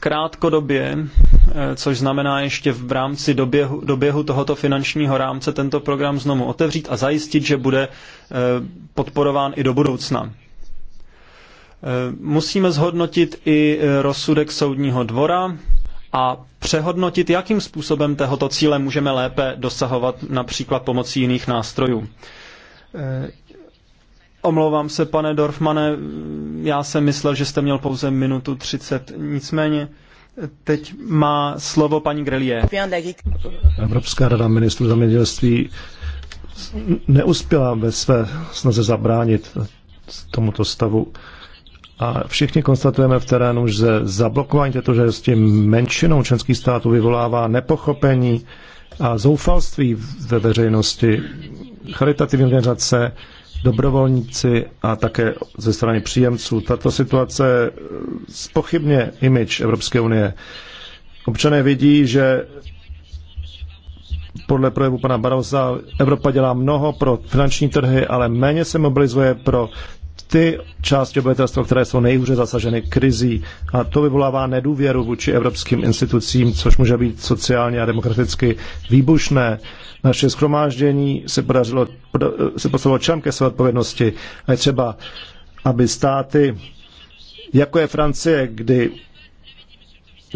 krátkodobě, eh, což znamená ještě v rámci doběhu, doběhu tohoto finančního rámce, tento program znovu otevřít a zajistit, že bude eh, podporován i do budoucna. Musíme zhodnotit i rozsudek soudního dvora, a přehodnotit, jakým způsobem tohoto cíle můžeme lépe dosahovat například pomocí jiných nástrojů. Eh, omlouvám se, pane Dorfmane, já jsem myslel, že jste měl pouze minutu 30, nicméně eh, teď má slovo paní Grelie. Evropská rada ministrů zemědělství neuspěla ve své snaze zabránit tomuto stavu a všichni konstatujeme v terénu, že zablokování této žádosti menšinou členských států vyvolává nepochopení a zoufalství ve veřejnosti, charitativní organizace, dobrovolníci a také ze strany příjemců. Tato situace spochybně image Evropské unie. Občané vidí, že podle projevu pana Barosa Evropa dělá mnoho pro finanční trhy, ale méně se mobilizuje pro ty části obyvatelstva, které jsou nejhůře zasaženy krizí. A to vyvolává nedůvěru vůči evropským institucím, což může být sociálně a demokraticky výbušné. Naše schromáždění se podařilo, se postavilo čem ke své odpovědnosti. A je třeba, aby státy, jako je Francie, kdy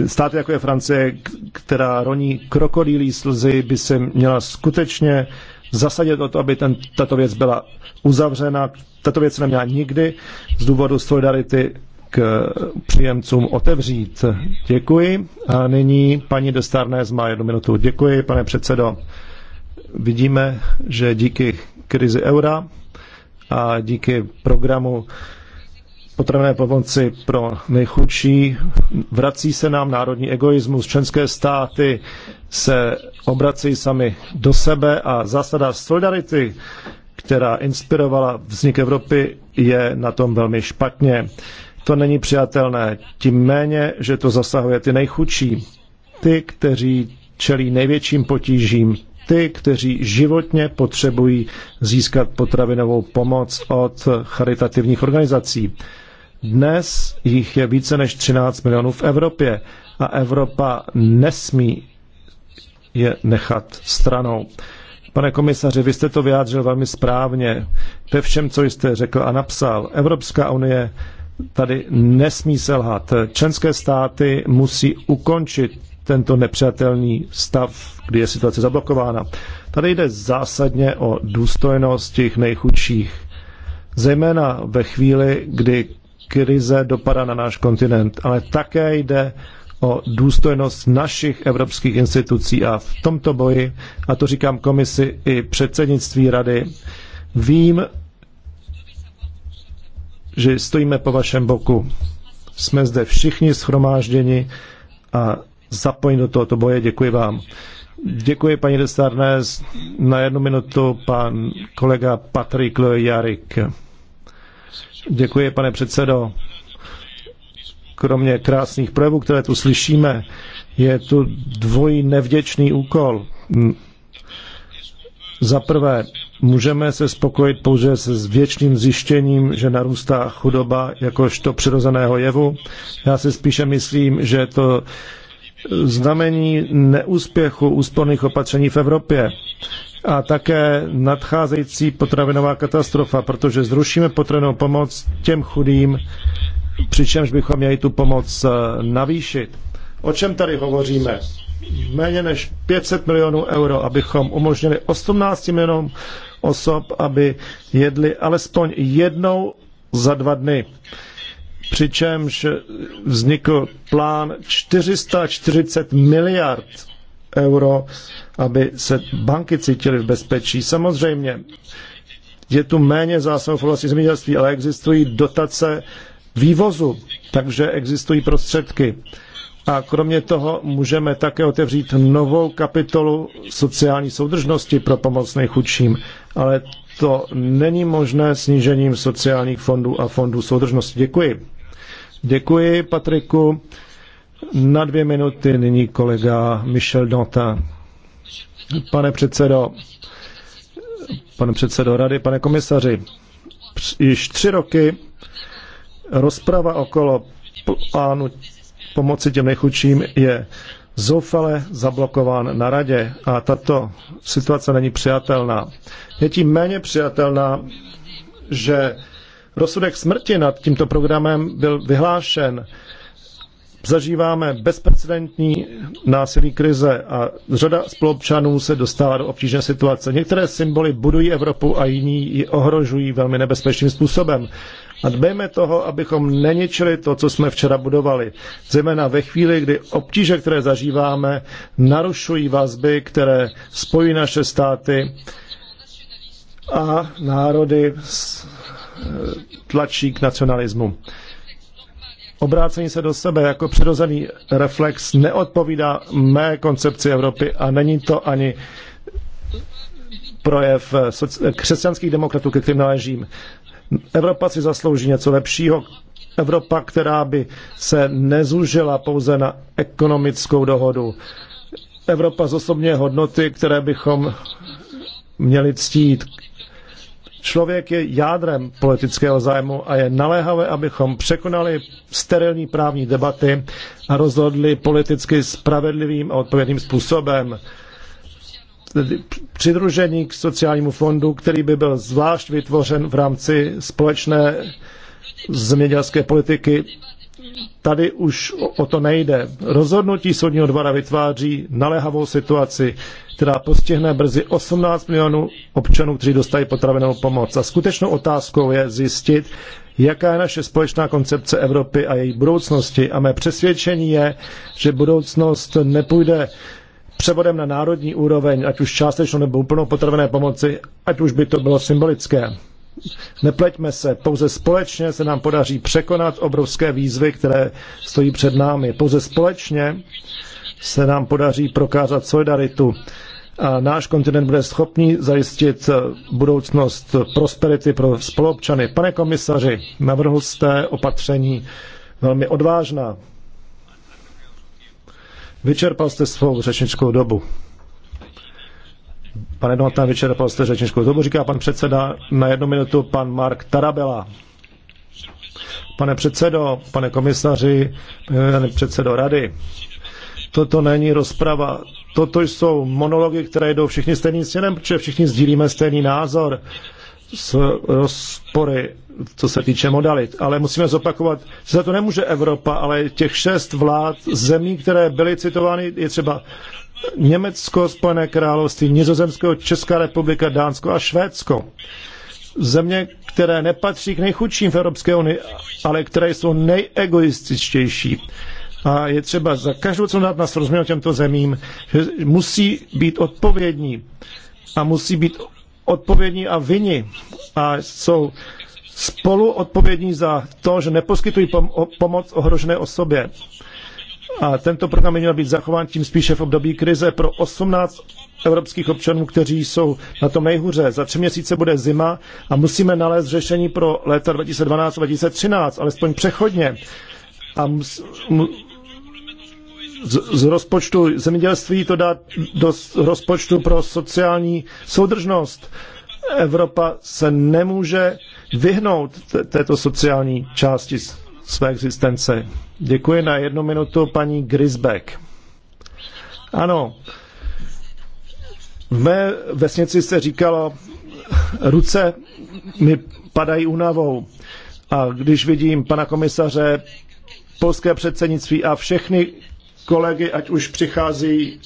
státy, jako je Francie, která roní krokodýlí slzy, by se měla skutečně zasadit o to, aby ten, tato věc byla uzavřena. Tato věc neměla nikdy z důvodu solidarity k příjemcům otevřít. Děkuji. A nyní paní Destarnes má jednu minutu. Děkuji, pane předsedo. Vidíme, že díky krizi eura a díky programu potravné pomoci pro nejchudší. Vrací se nám národní egoismus. Členské státy se obrací sami do sebe a zásada solidarity, která inspirovala vznik Evropy, je na tom velmi špatně. To není přijatelné, tím méně, že to zasahuje ty nejchudší, ty, kteří čelí největším potížím, ty, kteří životně potřebují získat potravinovou pomoc od charitativních organizací. Dnes jich je více než 13 milionů v Evropě a Evropa nesmí je nechat stranou. Pane komisaři, vy jste to vyjádřil velmi správně ve všem, co jste řekl a napsal. Evropská unie tady nesmí selhat. Členské státy musí ukončit tento nepřijatelný stav, kdy je situace zablokována. Tady jde zásadně o důstojnost těch nejchudších, zejména ve chvíli, kdy krize dopadá na náš kontinent, ale také jde o důstojnost našich evropských institucí a v tomto boji, a to říkám komisi i předsednictví rady, vím, že stojíme po vašem boku. Jsme zde všichni schromážděni a zapojení do tohoto boje. Děkuji vám. Děkuji, paní Destarnes. Na jednu minutu pan kolega Patrik Jarik. Děkuji, pane předsedo kromě krásných projevů, které tu slyšíme, je tu dvojí nevděčný úkol. Za prvé, můžeme se spokojit pouze s věčným zjištěním, že narůstá chudoba jakožto přirozeného jevu. Já si spíše myslím, že to znamení neúspěchu úsporných opatření v Evropě a také nadcházející potravinová katastrofa, protože zrušíme potravinovou pomoc těm chudým přičemž bychom měli tu pomoc eh, navýšit. O čem tady hovoříme? Méně než 500 milionů euro, abychom umožnili 18 milionům osob, aby jedli alespoň jednou za dva dny. Přičemž vznikl plán 440 miliard euro, aby se banky cítily v bezpečí. Samozřejmě je tu méně zásahů v oblasti zemědělství, ale existují dotace vývozu, takže existují prostředky. A kromě toho můžeme také otevřít novou kapitolu sociální soudržnosti pro pomoc nejchudším, ale to není možné snížením sociálních fondů a fondů soudržnosti. Děkuji. Děkuji, Patriku. Na dvě minuty nyní kolega Michel Dota. Pane předsedo, pane předsedo rady, pane komisaři, již tři roky Rozprava okolo plánu pomoci těm nejchudším je zoufale zablokován na radě a tato situace není přijatelná. Je tím méně přijatelná, že rozsudek smrti nad tímto programem byl vyhlášen. Zažíváme bezprecedentní násilí krize a řada spolupčanů se dostává do obtížné situace. Některé symboly budují Evropu a jiní ji ohrožují velmi nebezpečným způsobem. A dbejme toho, abychom neničili to, co jsme včera budovali. Zejména ve chvíli, kdy obtíže, které zažíváme, narušují vazby, které spojí naše státy a národy eh, tlačí k nacionalismu. Obrácení se do sebe jako přirozený reflex neodpovídá mé koncepci Evropy a není to ani projev eh, křesťanských demokratů, ke kterým náležím. Evropa si zaslouží něco lepšího. Evropa, která by se nezužila pouze na ekonomickou dohodu. Evropa zosobně hodnoty, které bychom měli ctít. Člověk je jádrem politického zájmu a je naléhavé, abychom překonali sterilní právní debaty a rozhodli politicky spravedlivým a odpovědným způsobem přidružení k sociálnímu fondu, který by byl zvlášť vytvořen v rámci společné zemědělské politiky. Tady už o to nejde. Rozhodnutí soudního dvora vytváří naléhavou situaci, která postihne brzy 18 milionů občanů, kteří dostají potravinovou pomoc. A skutečnou otázkou je zjistit, jaká je naše společná koncepce Evropy a její budoucnosti. A mé přesvědčení je, že budoucnost nepůjde převodem na národní úroveň, ať už částečnou nebo úplnou potravené pomoci, ať už by to bylo symbolické. Nepleťme se, pouze společně se nám podaří překonat obrovské výzvy, které stojí před námi. Pouze společně se nám podaří prokázat solidaritu a náš kontinent bude schopný zajistit budoucnost prosperity pro spolupčany. Pane komisaři, navrhl jste opatření velmi odvážná, Vyčerpal jste svou řečnickou dobu. Pane Donatá, vyčerpal jste řečnickou dobu, říká pan předseda. Na jednu minutu pan Mark Tarabela. Pane předsedo, pane komisaři, pane předsedo rady, toto není rozprava, toto jsou monology, které jdou všichni stejným směrem, protože všichni sdílíme stejný názor s rozpory, co se týče modalit. Ale musíme zopakovat, že za to nemůže Evropa, ale těch šest vlád zemí, které byly citovány, je třeba Německo, Spojené království, Nizozemsko, Česká republika, Dánsko a Švédsko. Země, které nepatří k nejchudším v Evropské unii, ale které jsou nejegoističtější. A je třeba za každou cenu dát na srozumění těmto zemím, že musí být odpovědní a musí být odpovědní a vinni a jsou spolu odpovědní za to, že neposkytují pom- pomoc ohrožené osobě. A tento program měl být zachován tím spíše v období krize pro 18 evropských občanů, kteří jsou na tom nejhůře. Za tři měsíce bude zima a musíme nalézt řešení pro léta 2012-2013, alespoň přechodně. A mus, z, z rozpočtu zemědělství to dát do rozpočtu pro sociální soudržnost. Evropa se nemůže vyhnout této sociální části své existence. Děkuji na jednu minutu paní Grisbeck. Ano, v mé vesnici se říkalo, ruce mi padají únavou. A když vidím pana komisaře, polské předsednictví a všechny kolegy, ať už přichází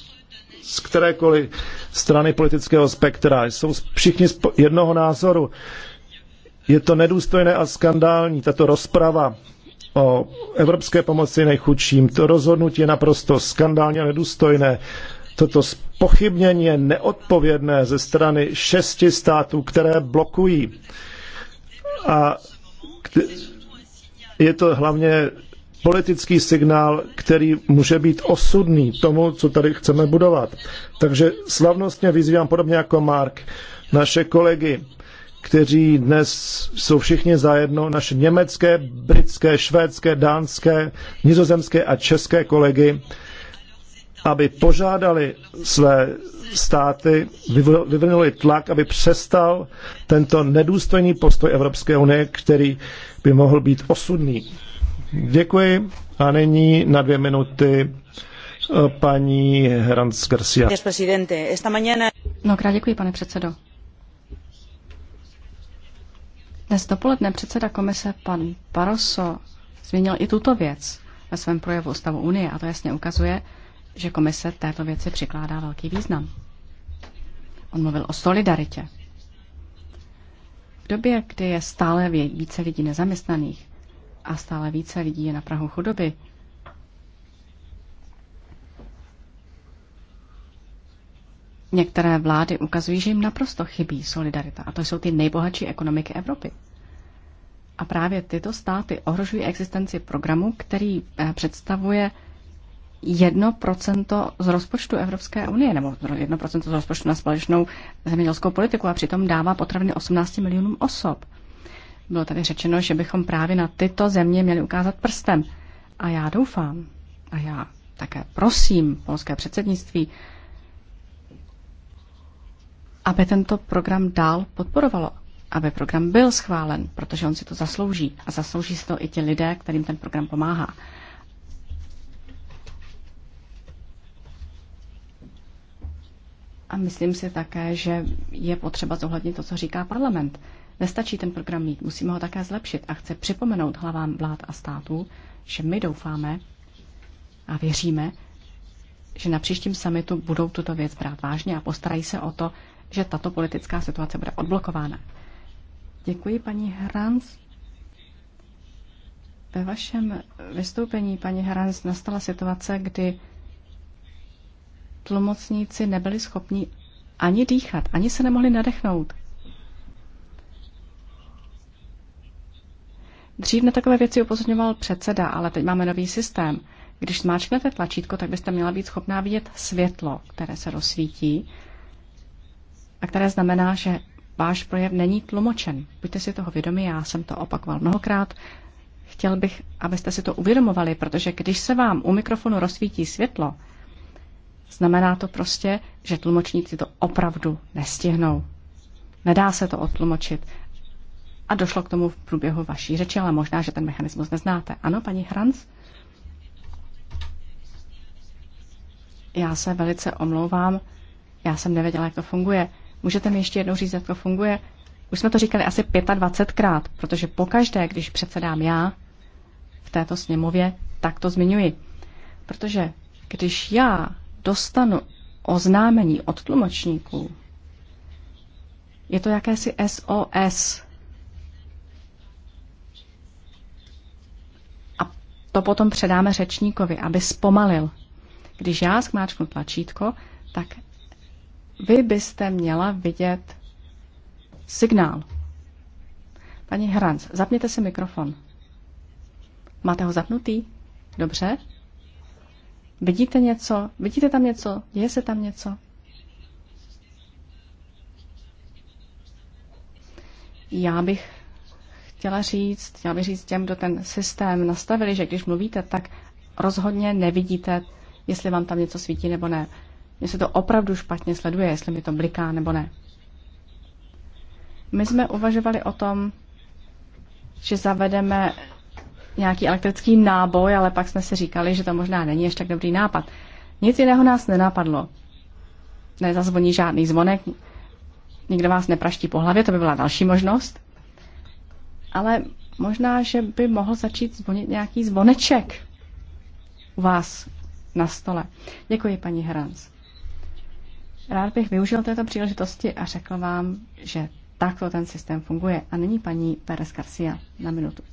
z kterékoliv strany politického spektra. Jsou všichni z jednoho názoru. Je to nedůstojné a skandální, tato rozprava o evropské pomoci nejchudším. To rozhodnutí je naprosto skandální a nedůstojné. Toto pochybnění je neodpovědné ze strany šesti států, které blokují. A je to hlavně politický signál, který může být osudný tomu, co tady chceme budovat. Takže slavnostně vyzývám podobně jako Mark naše kolegy, kteří dnes jsou všichni zajedno, naše německé, britské, švédské, dánské, nizozemské a české kolegy, aby požádali své státy, vyvinuli tlak, aby přestal tento nedůstojný postoj Evropské unie, který by mohl být osudný. Děkuji. A nyní na dvě minuty eh, paní Hrans Garcia. No, krát děkuji, pane předsedo. Dnes dopoledne předseda komise pan Paroso zmínil i tuto věc ve svém projevu o stavu Unie a to jasně ukazuje, že komise této věci přikládá velký význam. On mluvil o solidaritě. V době, kdy je stále více lidí nezaměstnaných, a stále více lidí je na Prahu chudoby. Některé vlády ukazují, že jim naprosto chybí solidarita a to jsou ty nejbohatší ekonomiky Evropy. A právě tyto státy ohrožují existenci programu, který eh, představuje 1% z rozpočtu Evropské unie, nebo 1% z rozpočtu na společnou zemědělskou politiku a přitom dává potraviny 18 milionům osob. Bylo tady řečeno, že bychom právě na tyto země měli ukázat prstem. A já doufám, a já také prosím polské předsednictví, aby tento program dál podporovalo, aby program byl schválen, protože on si to zaslouží a zaslouží si to i ti lidé, kterým ten program pomáhá. A myslím si také, že je potřeba zohlednit to, co říká parlament. Nestačí ten program mít, musíme ho také zlepšit a chce připomenout hlavám vlád a států, že my doufáme a věříme, že na příštím summitu budou tuto věc brát vážně a postarají se o to, že tato politická situace bude odblokována. Děkuji, paní Hranz. Ve vašem vystoupení, paní Hranz nastala situace, kdy tlumocníci nebyli schopni ani dýchat, ani se nemohli nadechnout. Dřív na takové věci upozorňoval předseda, ale teď máme nový systém. Když zmáčknete tlačítko, tak byste měla být schopná vidět světlo, které se rozsvítí a které znamená, že váš projev není tlumočen. Buďte si toho vědomi, já jsem to opakoval mnohokrát. Chtěl bych, abyste si to uvědomovali, protože když se vám u mikrofonu rozsvítí světlo, znamená to prostě, že tlumočníci to opravdu nestihnou. Nedá se to odtlumočit a došlo k tomu v průběhu vaší řeči, ale možná, že ten mechanismus neznáte. Ano, paní Hranz? Já se velice omlouvám, já jsem nevěděla, jak to funguje. Můžete mi ještě jednou říct, jak to funguje? Už jsme to říkali asi 25krát, protože pokaždé, když předsedám já v této sněmově, tak to zmiňuji. Protože když já dostanu oznámení od tlumočníků, je to jakési SOS, to potom předáme řečníkovi, aby zpomalil. Když já zmáčknu tlačítko, tak vy byste měla vidět signál. Paní Hranc, zapněte si mikrofon. Máte ho zapnutý? Dobře. Vidíte něco? Vidíte tam něco? Děje se tam něco? Já bych chtěla říct, chtěla bych říct těm, kdo ten systém nastavili, že když mluvíte, tak rozhodně nevidíte, jestli vám tam něco svítí nebo ne. Mně se to opravdu špatně sleduje, jestli mi to bliká nebo ne. My jsme uvažovali o tom, že zavedeme nějaký elektrický náboj, ale pak jsme si říkali, že to možná není ještě tak dobrý nápad. Nic jiného nás nenapadlo. Nezazvoní žádný zvonek, nikdo vás nepraští po hlavě, to by byla další možnost ale možná, že by mohl začít zvonit nějaký zvoneček u vás na stole. Děkuji, paní Hrans. Rád bych využil této příležitosti a řekl vám, že takto ten systém funguje. A nyní paní Pérez Garcia na minutu.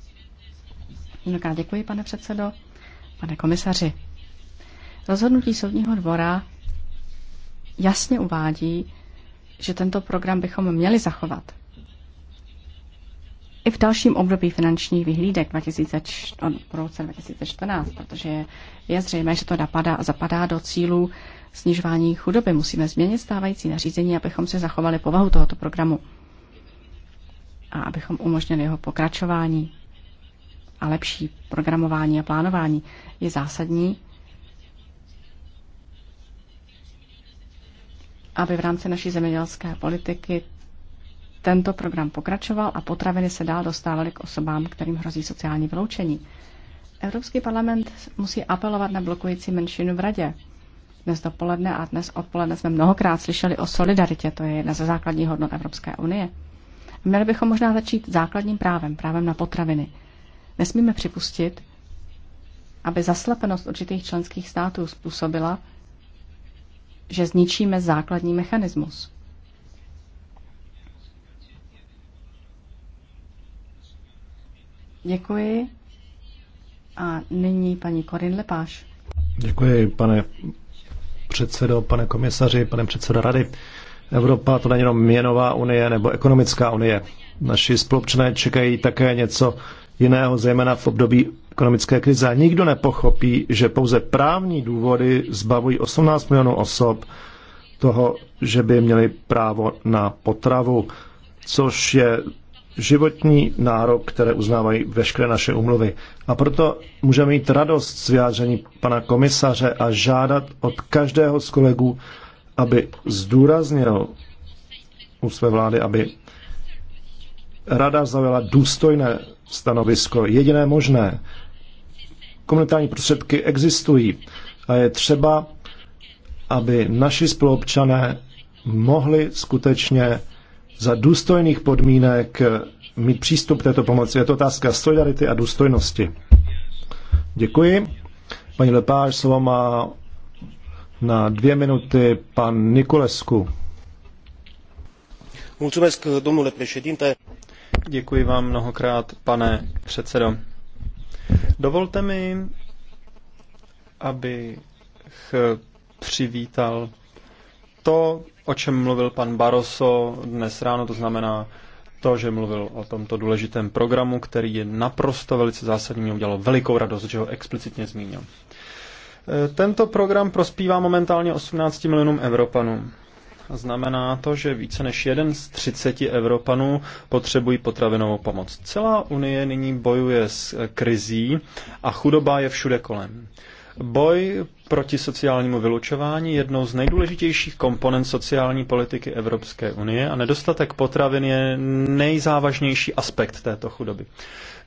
Mnohokrát děkuji, pane předsedo, pane komisaři. Rozhodnutí soudního dvora jasně uvádí, že tento program bychom měli zachovat i v dalším období finančních vyhlídek 2004, pro roce 2014, protože je zřejmé, že to napadá, zapadá do cílů snižování chudoby. Musíme změnit stávající nařízení, abychom si zachovali povahu tohoto programu a abychom umožnili jeho pokračování a lepší programování a plánování. Je zásadní, aby v rámci naší zemědělské politiky tento program pokračoval a potraviny se dál dostávaly k osobám, kterým hrozí sociální vyloučení. Evropský parlament musí apelovat na blokující menšinu v radě. Dnes dopoledne a dnes odpoledne jsme mnohokrát slyšeli o solidaritě, to je jedna ze základních hodnot Evropské unie. Měli bychom možná začít základním právem, právem na potraviny. Nesmíme připustit, aby zaslepenost určitých členských států způsobila, že zničíme základní mechanismus. Děkuji. A nyní paní Korin Lepáš. Děkuji, pane předsedo, pane komisaři, pane předsedo rady. Evropa to není jenom měnová unie nebo ekonomická unie. Naši spolupčané čekají také něco jiného, zejména v období ekonomické krize. Nikdo nepochopí, že pouze právní důvody zbavují 18 milionů osob toho, že by měli právo na potravu, což je životní nárok, které uznávají veškeré naše umluvy. A proto můžeme mít radost z vyjádření pana komisaře a žádat od každého z kolegů, aby zdůraznil u své vlády, aby rada zavěla důstojné stanovisko, jediné možné. Komunitární prostředky existují a je třeba, aby naši spoluobčané mohli skutečně za důstojných podmínek mít přístup k této pomoci. Je to otázka solidarity a důstojnosti. Děkuji. Paní Lepáš, slovo má na dvě minuty pan Nikolesku. Mulțumesc, domnule președinte. Děkuji vám mnohokrát, pane předsedo. Dovolte mi, abych přivítal to, o čem mluvil pan Baroso dnes ráno, to znamená to, že mluvil o tomto důležitém programu, který je naprosto velice zásadní, mě udělalo velikou radost, že ho explicitně zmínil. E, tento program prospívá momentálně 18 milionům Evropanů. Znamená to, že více než jeden z 30 Evropanů potřebují potravinovou pomoc. Celá Unie nyní bojuje s krizí a chudoba je všude kolem. Boj proti sociálnímu vylučování je jednou z nejdůležitějších komponent sociální politiky Evropské unie a nedostatek potravin je nejzávažnější aspekt této chudoby.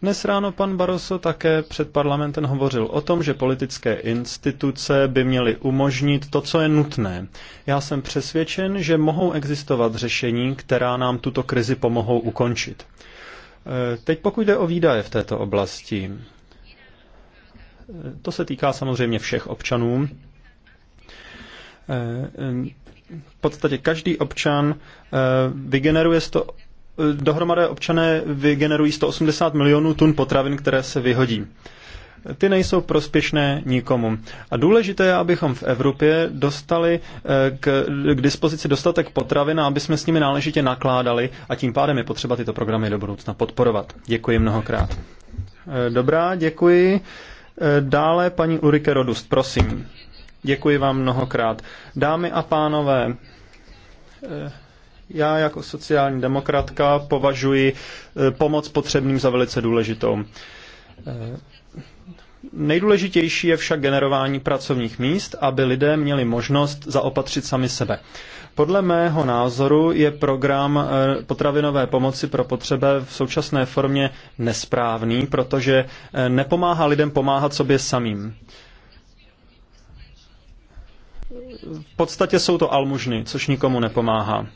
Dnes ráno pan Barroso také před parlamentem hovořil o tom, že politické instituce by měly umožnit to, co je nutné. Já jsem přesvědčen, že mohou existovat řešení, která nám tuto krizi pomohou ukončit. E, teď pokud jde o výdaje v této oblasti, to se týká samozřejmě všech občanů. V podstatě každý občan eh, vygeneruje 100, eh, dohromady občané vygenerují 180 milionů tun potravin, které se vyhodí ty nejsou prospěšné nikomu. A důležité je, abychom v Evropě dostali eh, k, k dispozici dostatek potravin a aby jsme s nimi náležitě nakládali a tím pádem je potřeba tyto programy do budoucna podporovat. Děkuji mnohokrát. Dobrá, děkuji. Eh, dále paní Ulrike Rodust, prosím. Děkuji vám mnohokrát. Dámy a pánové, eh, já jako sociální demokratka považuji eh, pomoc potřebným za velice důležitou. Nejdůležitější je však generování pracovních míst, aby lidé měli možnost zaopatřit sami sebe. Podle mého názoru je program eh, potravinové pomoci pro potřeby v současné formě nesprávný, protože eh, nepomáhá lidem pomáhat sobě samým v podstatě jsou to almužny, což nikomu nepomáhá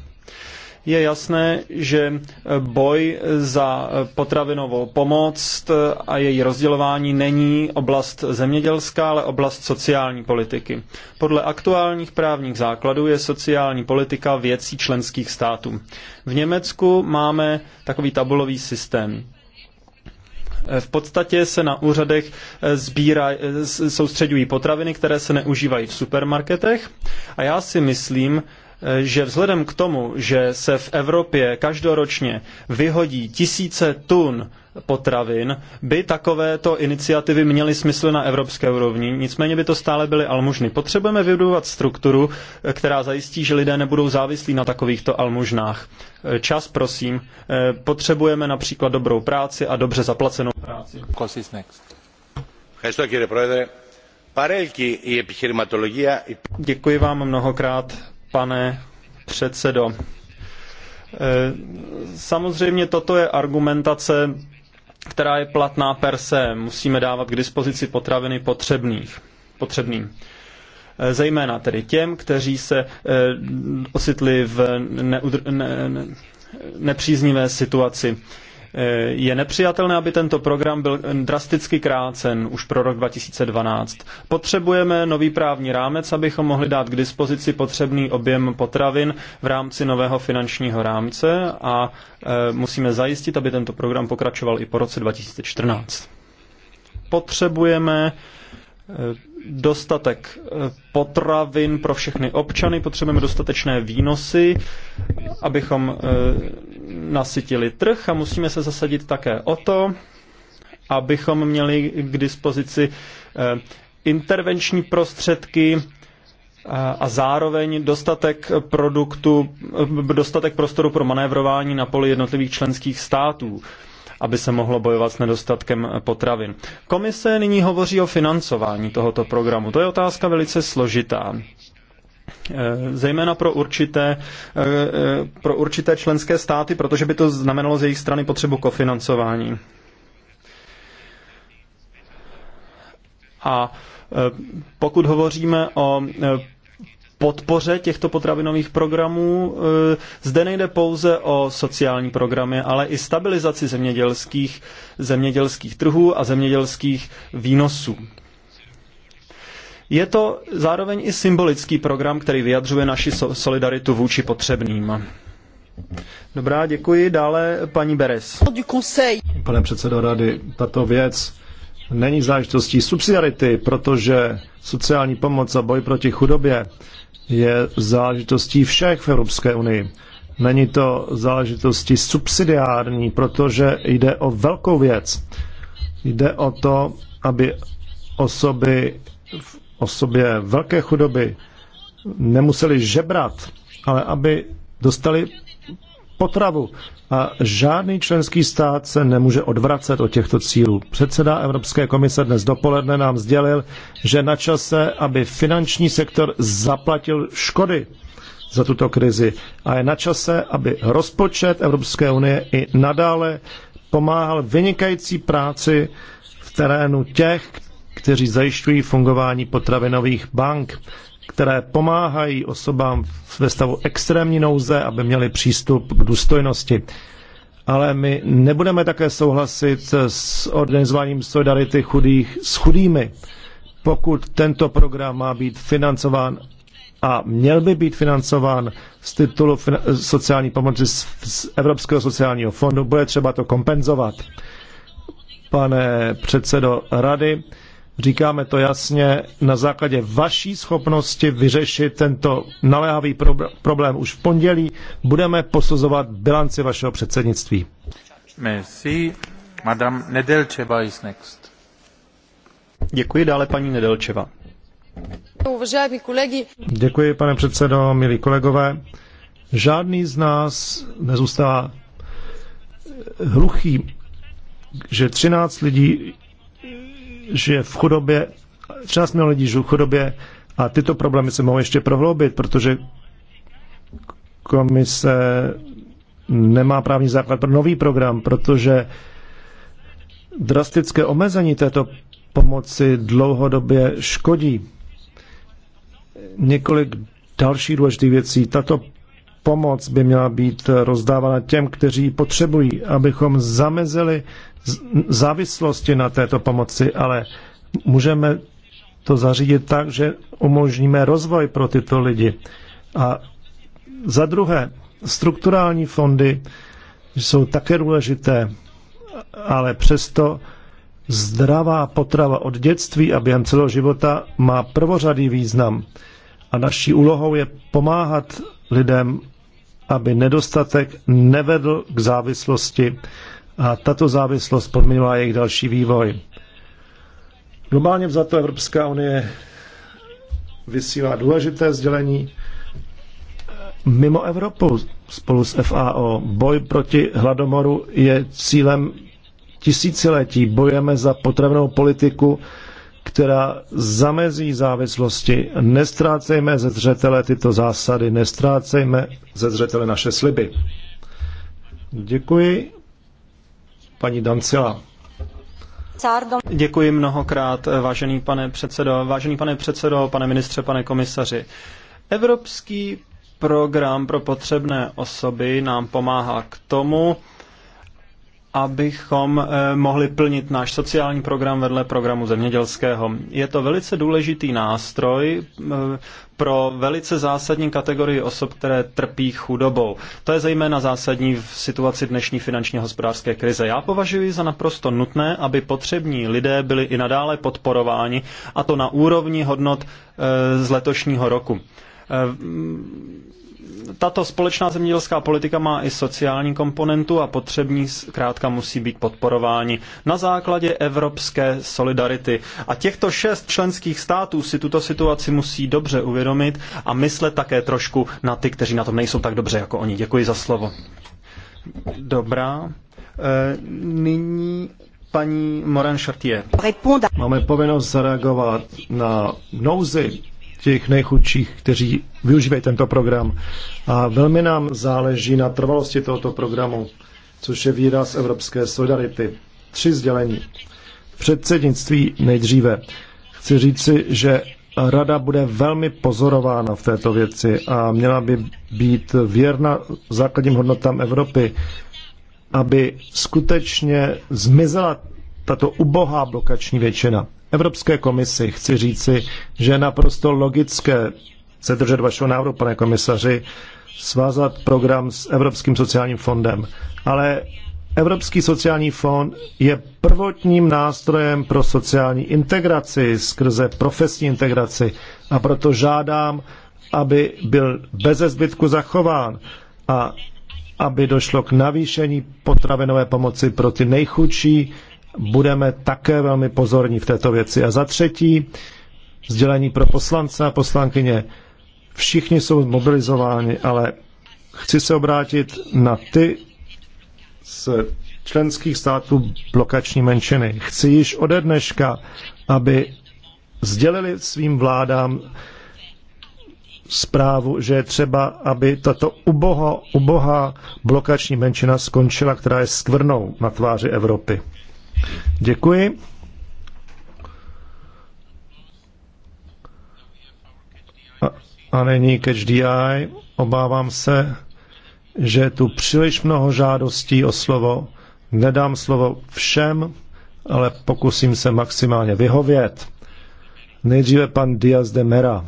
je jasné, že boj za potravinovou pomoc a její rozdělování není oblast zemědělská, ale oblast sociální politiky. Podle aktuálních právních základů je sociální politika věcí členských států. V Německu máme takový tabulový systém. V podstatě se na úřadech sbíra, soustředují potraviny, které se neužívají v supermarketech a já si myslím, že vzhledem k tomu, že se v Evropě každoročně vyhodí tisíce tun potravin, by takovéto iniciativy měly smysl na evropské úrovni, nicméně by to stále byly almužny. Potřebujeme vybudovat strukturu, která zajistí, že lidé nebudou závislí na takovýchto almužnách. Čas, prosím. Potřebujeme například dobrou práci a dobře zaplacenou práci. Děkuji vám mnohokrát, pane předsedo. Eh, samozřejmě toto je argumentace, která je platná per se. Musíme dávat k dispozici potraviny potřebných, potřebným eh, zejména tedy těm, kteří se eh, ocitli v neudr- ne- nepříznivé situaci. Eh, je nepřijatelné, aby tento program byl eh, drasticky krácen už pro rok 2012. Potřebujeme nový právní rámec, abychom mohli dát k dispozici potřebný objem potravin v rámci nového finančního rámce a eh, musíme zajistit, aby tento program pokračoval i po roce 2014. Potřebujeme Eh, dostatek eh, potravin pro všechny občany, potřebujeme dostatečné výnosy, abychom eh, nasytili trh a musíme se zasadit také o to, abychom měli k dispozici intervenční prostředky a zároveň dostatek produktu, dostatek prostoru pro manévrování na poli jednotlivých členských států aby se mohlo bojovat s nedostatkem potravin. Komise nyní hovoří o financování tohoto programu. To je otázka velice složitá eh, zejména pro určité, eh, eh, pro určité členské státy, protože by to znamenalo z jejich strany potřebu kofinancování. A pokud hovoříme o podpoře těchto potravinových programů. E, zde nejde pouze o sociální programy, ale i stabilizaci zemědělských, zemědělských trhů a zemědělských výnosů. Je to zároveň i symbolický program, který vyjadřuje naši solidaritu vůči potřebným. Dobrá, děkuji. Dále paní Beres. Pane předsedo rady, tato věc není záležitostí subsidiarity, protože sociální pomoc a boj proti chudobě je záležitostí všech v Evropské unii. Není to záležitostí subsidiární, protože jde o velkou věc. Jde o to, aby osoby v osobě velké chudoby nemuseli žebrat, ale aby dostali potravu. A žádný členský stát se nemůže odvracet od těchto cílů. Předseda Evropské komise dnes dopoledne nám sdělil, že na čase, aby finanční sektor zaplatil škody za tuto krizi. A je na čase, aby rozpočet Evropské unie i nadále pomáhal vynikající práci v terénu těch, kteří zajišťují fungování potravinových bank které pomáhají osobám ve stavu extrémní nouze, aby měli přístup k důstojnosti. Ale my nebudeme také souhlasit s organizováním solidarity chudých s chudými. Pokud tento program má být financován a měl by být financován z titulu sociální pomoci z, Evropského sociálního fondu, bude třeba to kompenzovat. Pane předsedo rady, Říkáme to jasně na základě vaší schopnosti vyřešit tento naléhavý problém už v pondělí. Budeme posuzovat bilanci vašeho předsednictví. Merci. Madame Nedelčeva is next. Děkuji dále paní Nedelčeva. Děkuji, pane předsedo, milí kolegové. Žádný z nás nezůstává hluchý, že 13 lidí žije v chudobě, část měl lidí žije v chudobě a tyto problémy se mohou ještě prohloubit, protože komise nemá právní základ pro nový program, protože drastické omezení této pomoci dlouhodobě škodí. Několik dalších důležitých věcí. Tato pomoc by měla být rozdávána těm, kteří ji potřebují, abychom zamezili závislosti na této pomoci, ale můžeme to zařídit tak, že umožníme rozvoj pro tyto lidi. A za druhé, strukturální fondy jsou také důležité, ale přesto zdravá potrava od dětství a během celého života má prvořadý význam. A naší úlohou je pomáhat lidem aby nedostatek nevedl k závislosti a tato závislost podmínila jejich další vývoj. Globálně vzato Evropská unie vysílá důležité sdělení mimo Evropu spolu s FAO. Boj proti hladomoru je cílem tisíciletí. Bojeme za potravnou politiku, která zamezí závislosti. Nestrácejme ze zřetele tyto zásady, nestrácejme ze zřetele naše sliby. Děkuji, paní Dancila. Děkuji mnohokrát, vážený pane předsedo, vážený pane předsedo, pane ministře, pane komisaři. Evropský program pro potřebné osoby nám pomáhá k tomu, abychom eh, mohli plnit náš sociální program vedle programu zemědělského. Je to velice důležitý nástroj eh, pro velice zásadní kategorii osob, které trpí chudobou. To je zejména zásadní v situaci dnešní finanční hospodářské krize. Já považuji za naprosto nutné, aby potřební lidé byli i nadále podporováni, a to na úrovni hodnot eh, z letošního roku tato společná zemědělská politika má i sociální komponentu a potřební zkrátka musí být podporováni na základě evropské solidarity. A těchto šest členských států si tuto situaci musí dobře uvědomit a myslet také trošku na ty, kteří na tom nejsou tak dobře jako oni. Děkuji za slovo. Dobrá. E, nyní paní Moran Chartier. Máme povinnost zareagovat na nouzi těch nejchudších, kteří využívají tento program. A velmi nám záleží na trvalosti tohoto programu, což je výraz evropské solidarity. Tři sdělení. Předsednictví nejdříve. Chci říci, že Rada bude velmi pozorována v této věci a měla by být věrna základním hodnotám Evropy, aby skutečně zmizela tato ubohá blokační většina. Evropské komisi chci říci, že je naprosto logické se držet vašeho návrhu, pane komisaři, svázat program s Evropským sociálním fondem. Ale Evropský sociální fond je prvotním nástrojem pro sociální integraci skrze profesní integraci a proto žádám, aby byl bez zbytku zachován a aby došlo k navýšení potravinové pomoci pro ty nejchudší budeme také velmi pozorní v této věci. A za třetí, sdělení pro poslance a poslankyně. Všichni jsou mobilizováni, ale chci se obrátit na ty z členských států blokační menšiny. Chci již ode dneška, aby sdělili svým vládám zprávu, že je třeba, aby tato uboha, ubohá blokační menšina skončila, která je skvrnou na tváři Evropy. Děkuji. A, a není catch DI. Obávám se, že je tu příliš mnoho žádostí o slovo. Nedám slovo všem, ale pokusím se maximálně vyhovět. Nejdříve pan Díaz de Mera.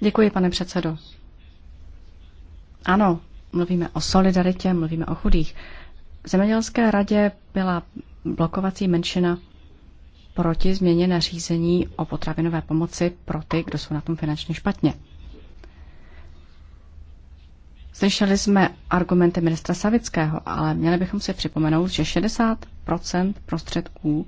Děkuji, pane předsedo. Ano, mluvíme o solidaritě, mluvíme o chudých. V Zemědělské radě byla blokovací menšina proti změně nařízení o potravinové pomoci pro ty, kdo jsou na tom finančně špatně. Slyšeli jsme argumenty ministra Savického, ale měli bychom si připomenout, že 60 prostředků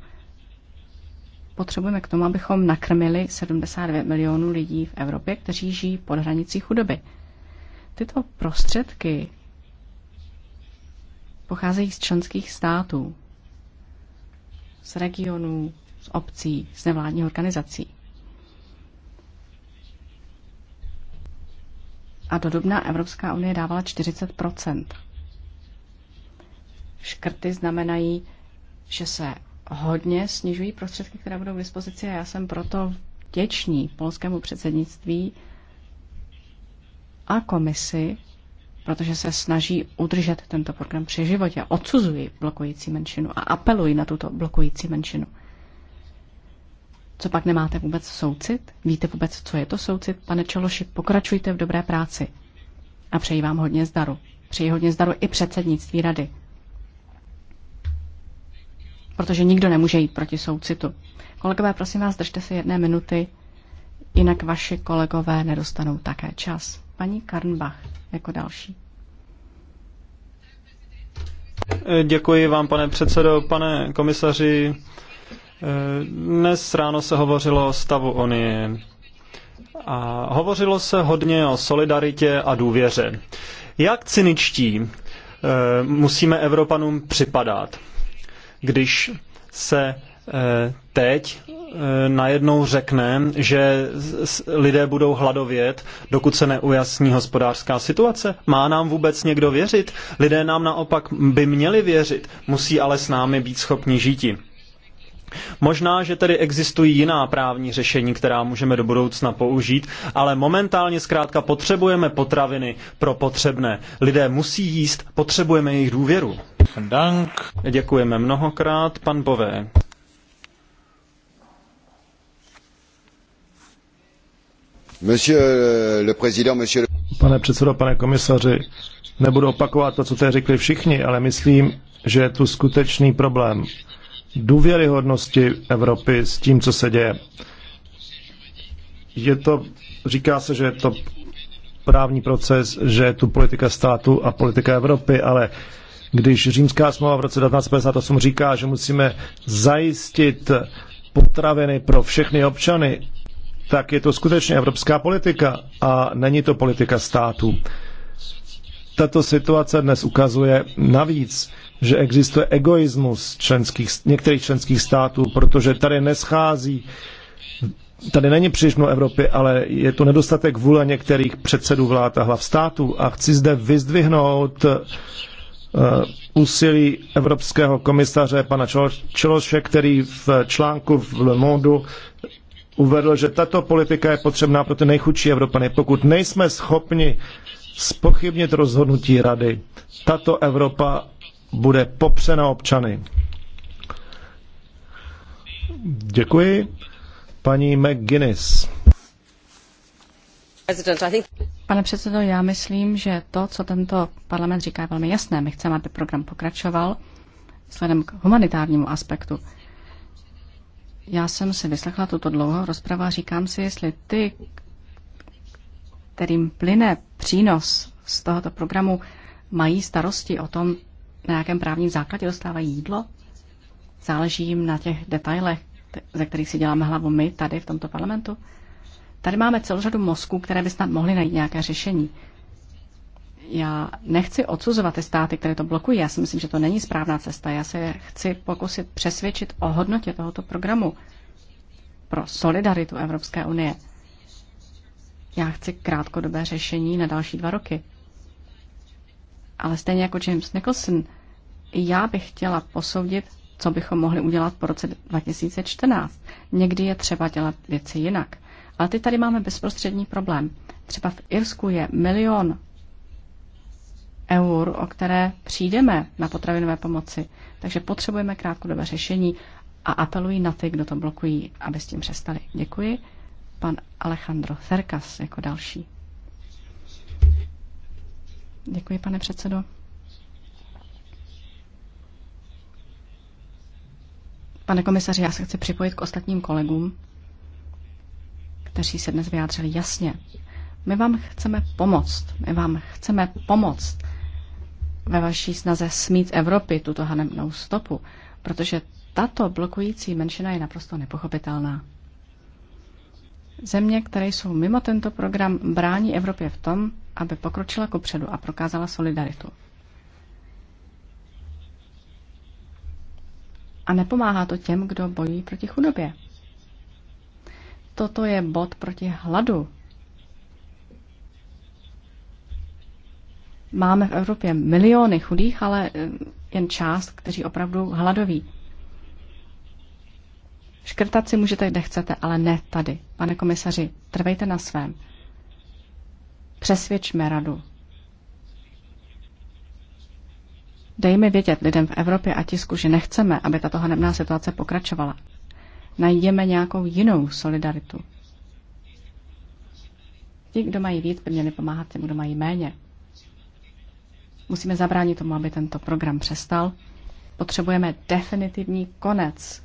potřebujeme k tomu, abychom nakrmili 79 milionů lidí v Evropě, kteří žijí pod hranicí chudoby. Tyto prostředky pocházejí z členských států, z regionů, z obcí, z nevládních organizací. A do dubna Evropská unie dávala 40 Škrty znamenají, že se hodně snižují prostředky, které budou k dispozici a já jsem proto vděčný polskému předsednictví a komisi, protože se snaží udržet tento program při životě. Odsuzuji blokující menšinu a apeluji na tuto blokující menšinu. Co pak nemáte vůbec soucit? Víte vůbec, co je to soucit? Pane Čeloši, pokračujte v dobré práci. A přeji vám hodně zdaru. Přeji hodně zdaru i předsednictví rady. Protože nikdo nemůže jít proti soucitu. Kolegové, prosím vás, držte se jedné minuty, jinak vaši kolegové nedostanou také čas. Paní Karnbach jako další. Děkuji vám, pane předsedo, pane komisaři. Dnes ráno se hovořilo o stavu Unie. A hovořilo se hodně o solidaritě a důvěře. Jak cyničtí eh, musíme Evropanům připadat, když se Eh, teď eh, najednou řekne, že lidé budou hladovět, dokud se neujasní hospodářská situace? Má nám vůbec někdo věřit? Lidé nám naopak by měli věřit, musí ale s námi být schopni žíti. Možná, že tedy existují jiná právní řešení, která můžeme do budoucna použít, ale momentálně zkrátka potřebujeme potraviny pro potřebné. Lidé musí jíst, potřebujeme jejich důvěru. Dank. Děkujeme mnohokrát, pan Bové. Pane předsedo, pane komisaři, nebudu opakovat to, co tady řekli všichni, ale myslím, že je tu skutečný problém důvěryhodnosti Evropy s tím, co se děje. Je to, říká se, že je to právní proces, že je tu politika státu a politika Evropy, ale když římská smlouva v roce 1958 říká, že musíme zajistit potraviny pro všechny občany, tak je to skutečně evropská politika a není to politika států. Tato situace dnes ukazuje navíc, že existuje egoismus členských, některých členských států, protože tady neschází, tady není příliš mnoho Evropy, ale je to nedostatek vůle některých předsedů vlád a hlav států. A chci zde vyzdvihnout eh, úsilí evropského komisaře pana Čeloše, který v článku v Le Monde uvedl, že tato politika je potřebná pro ty nejchudší Evropany. Pokud nejsme schopni spochybnit rozhodnutí rady, tato Evropa bude popřena občany. Děkuji. Paní McGuinness. Pane předsedo, já myslím, že to, co tento parlament říká, je velmi jasné. My chceme, aby program pokračoval vzhledem k humanitárnímu aspektu. Já jsem si vyslechla tuto dlouhou rozpravu a říkám si, jestli ty, kterým plyne přínos z tohoto programu, mají starosti o tom, na jakém právním základě dostávají jídlo. Záleží jim na těch detailech, ze kterých si děláme hlavu my tady v tomto parlamentu. Tady máme celou řadu mozků, které by snad mohly najít nějaké řešení já nechci odsuzovat ty státy, které to blokují. Já si myslím, že to není správná cesta. Já se chci pokusit přesvědčit o hodnotě tohoto programu pro solidaritu Evropské unie. Já chci krátkodobé řešení na další dva roky. Ale stejně jako James Nicholson, já bych chtěla posoudit, co bychom mohli udělat po roce 2014. Někdy je třeba dělat věci jinak. Ale teď tady máme bezprostřední problém. Třeba v Irsku je milion eur, o které přijdeme na potravinové pomoci. Takže potřebujeme krátkodobé řešení a apelují na ty, kdo to blokují, aby s tím přestali. Děkuji. Pan Alejandro Cercas jako další. Děkuji, pane předsedo. Pane komisaři, já se chci připojit k ostatním kolegům, kteří se dnes vyjádřili jasně. My vám chceme pomoct. My vám chceme pomoct ve vaší snaze smít Evropy tuto hanebnou stopu, protože tato blokující menšina je naprosto nepochopitelná. Země, které jsou mimo tento program, brání Evropě v tom, aby pokročila kupředu a prokázala solidaritu. A nepomáhá to těm, kdo bojí proti chudobě. Toto je bod proti hladu, Máme v Evropě miliony chudých, ale eh, jen část, kteří opravdu hladoví. Škrtat si můžete, kde chcete, ale ne tady. Pane komisaři, trvejte na svém. Přesvědčme radu. Dejme vědět lidem v Evropě a tisku, že nechceme, aby tato hanebná situace pokračovala. Najděme nějakou jinou solidaritu. Ti, kdo mají víc, by měli pomáhat těm, kdo mají méně. Musíme zabránit tomu, aby tento program přestal. Potřebujeme definitivní konec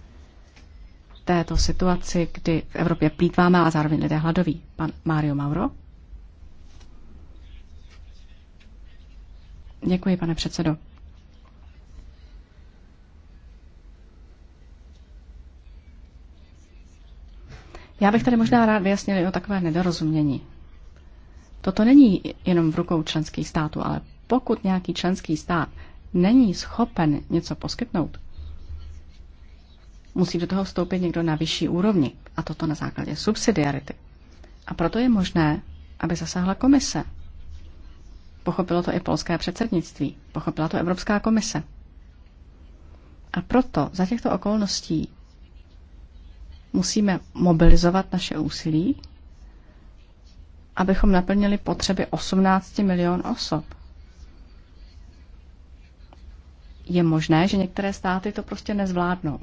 této situaci, kdy v Evropě plítváme a zároveň lidé hladoví. Pan Mario Mauro. Děkuji, pane předsedo. Já bych tady možná rád vyjasnil o takové nedorozumění. Toto není jenom v rukou členských států, ale pokud nějaký členský stát není schopen něco poskytnout, musí do toho vstoupit někdo na vyšší úrovni, a toto na základě subsidiarity. A proto je možné, aby zasáhla komise. Pochopilo to i polské předsednictví, pochopila to Evropská komise. A proto za těchto okolností musíme mobilizovat naše úsilí, abychom naplnili potřeby 18 milion osob je možné, že některé státy to prostě nezvládnou.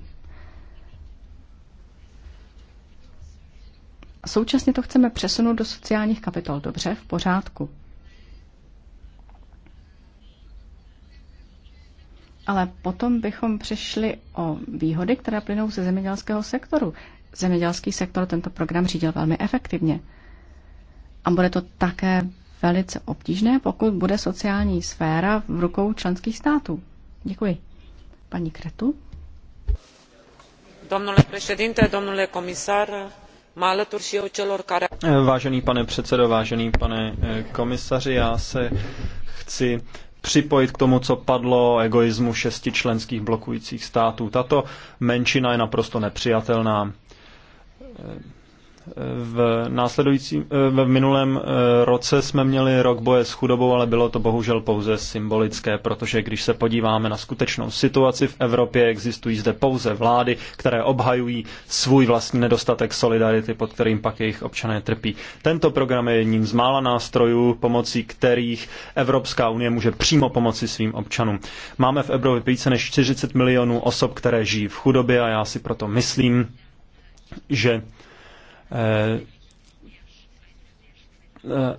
Současně to chceme přesunout do sociálních kapitol. Dobře, v pořádku. Ale potom bychom přišli o výhody, které plynou ze zemědělského sektoru. Zemědělský sektor tento program řídil velmi efektivně. A bude to také velice obtížné, pokud bude sociální sféra v rukou členských států. Děkuji. Paní Kretu. Domnule președinte, domnule comisar, Vážený pane předsedo, vážený pane eh, komisaři, já se chci připojit k tomu, co padlo egoismu šesti členských blokujících států. Tato menšina je naprosto nepřijatelná eh, v, následujícím, eh, v minulém eh, roce jsme měli rok boje s chudobou, ale bylo to bohužel pouze symbolické, protože když se podíváme na skutečnou situaci v Evropě, existují zde pouze vlády, které obhajují svůj vlastní nedostatek solidarity, pod kterým pak jejich občané trpí. Tento program je jedním z mála nástrojů, pomocí kterých Evropská unie může přímo pomoci svým občanům. Máme v Evropě více než 40 milionů osob, které žijí v chudobě a já si proto myslím, že Eh, eh,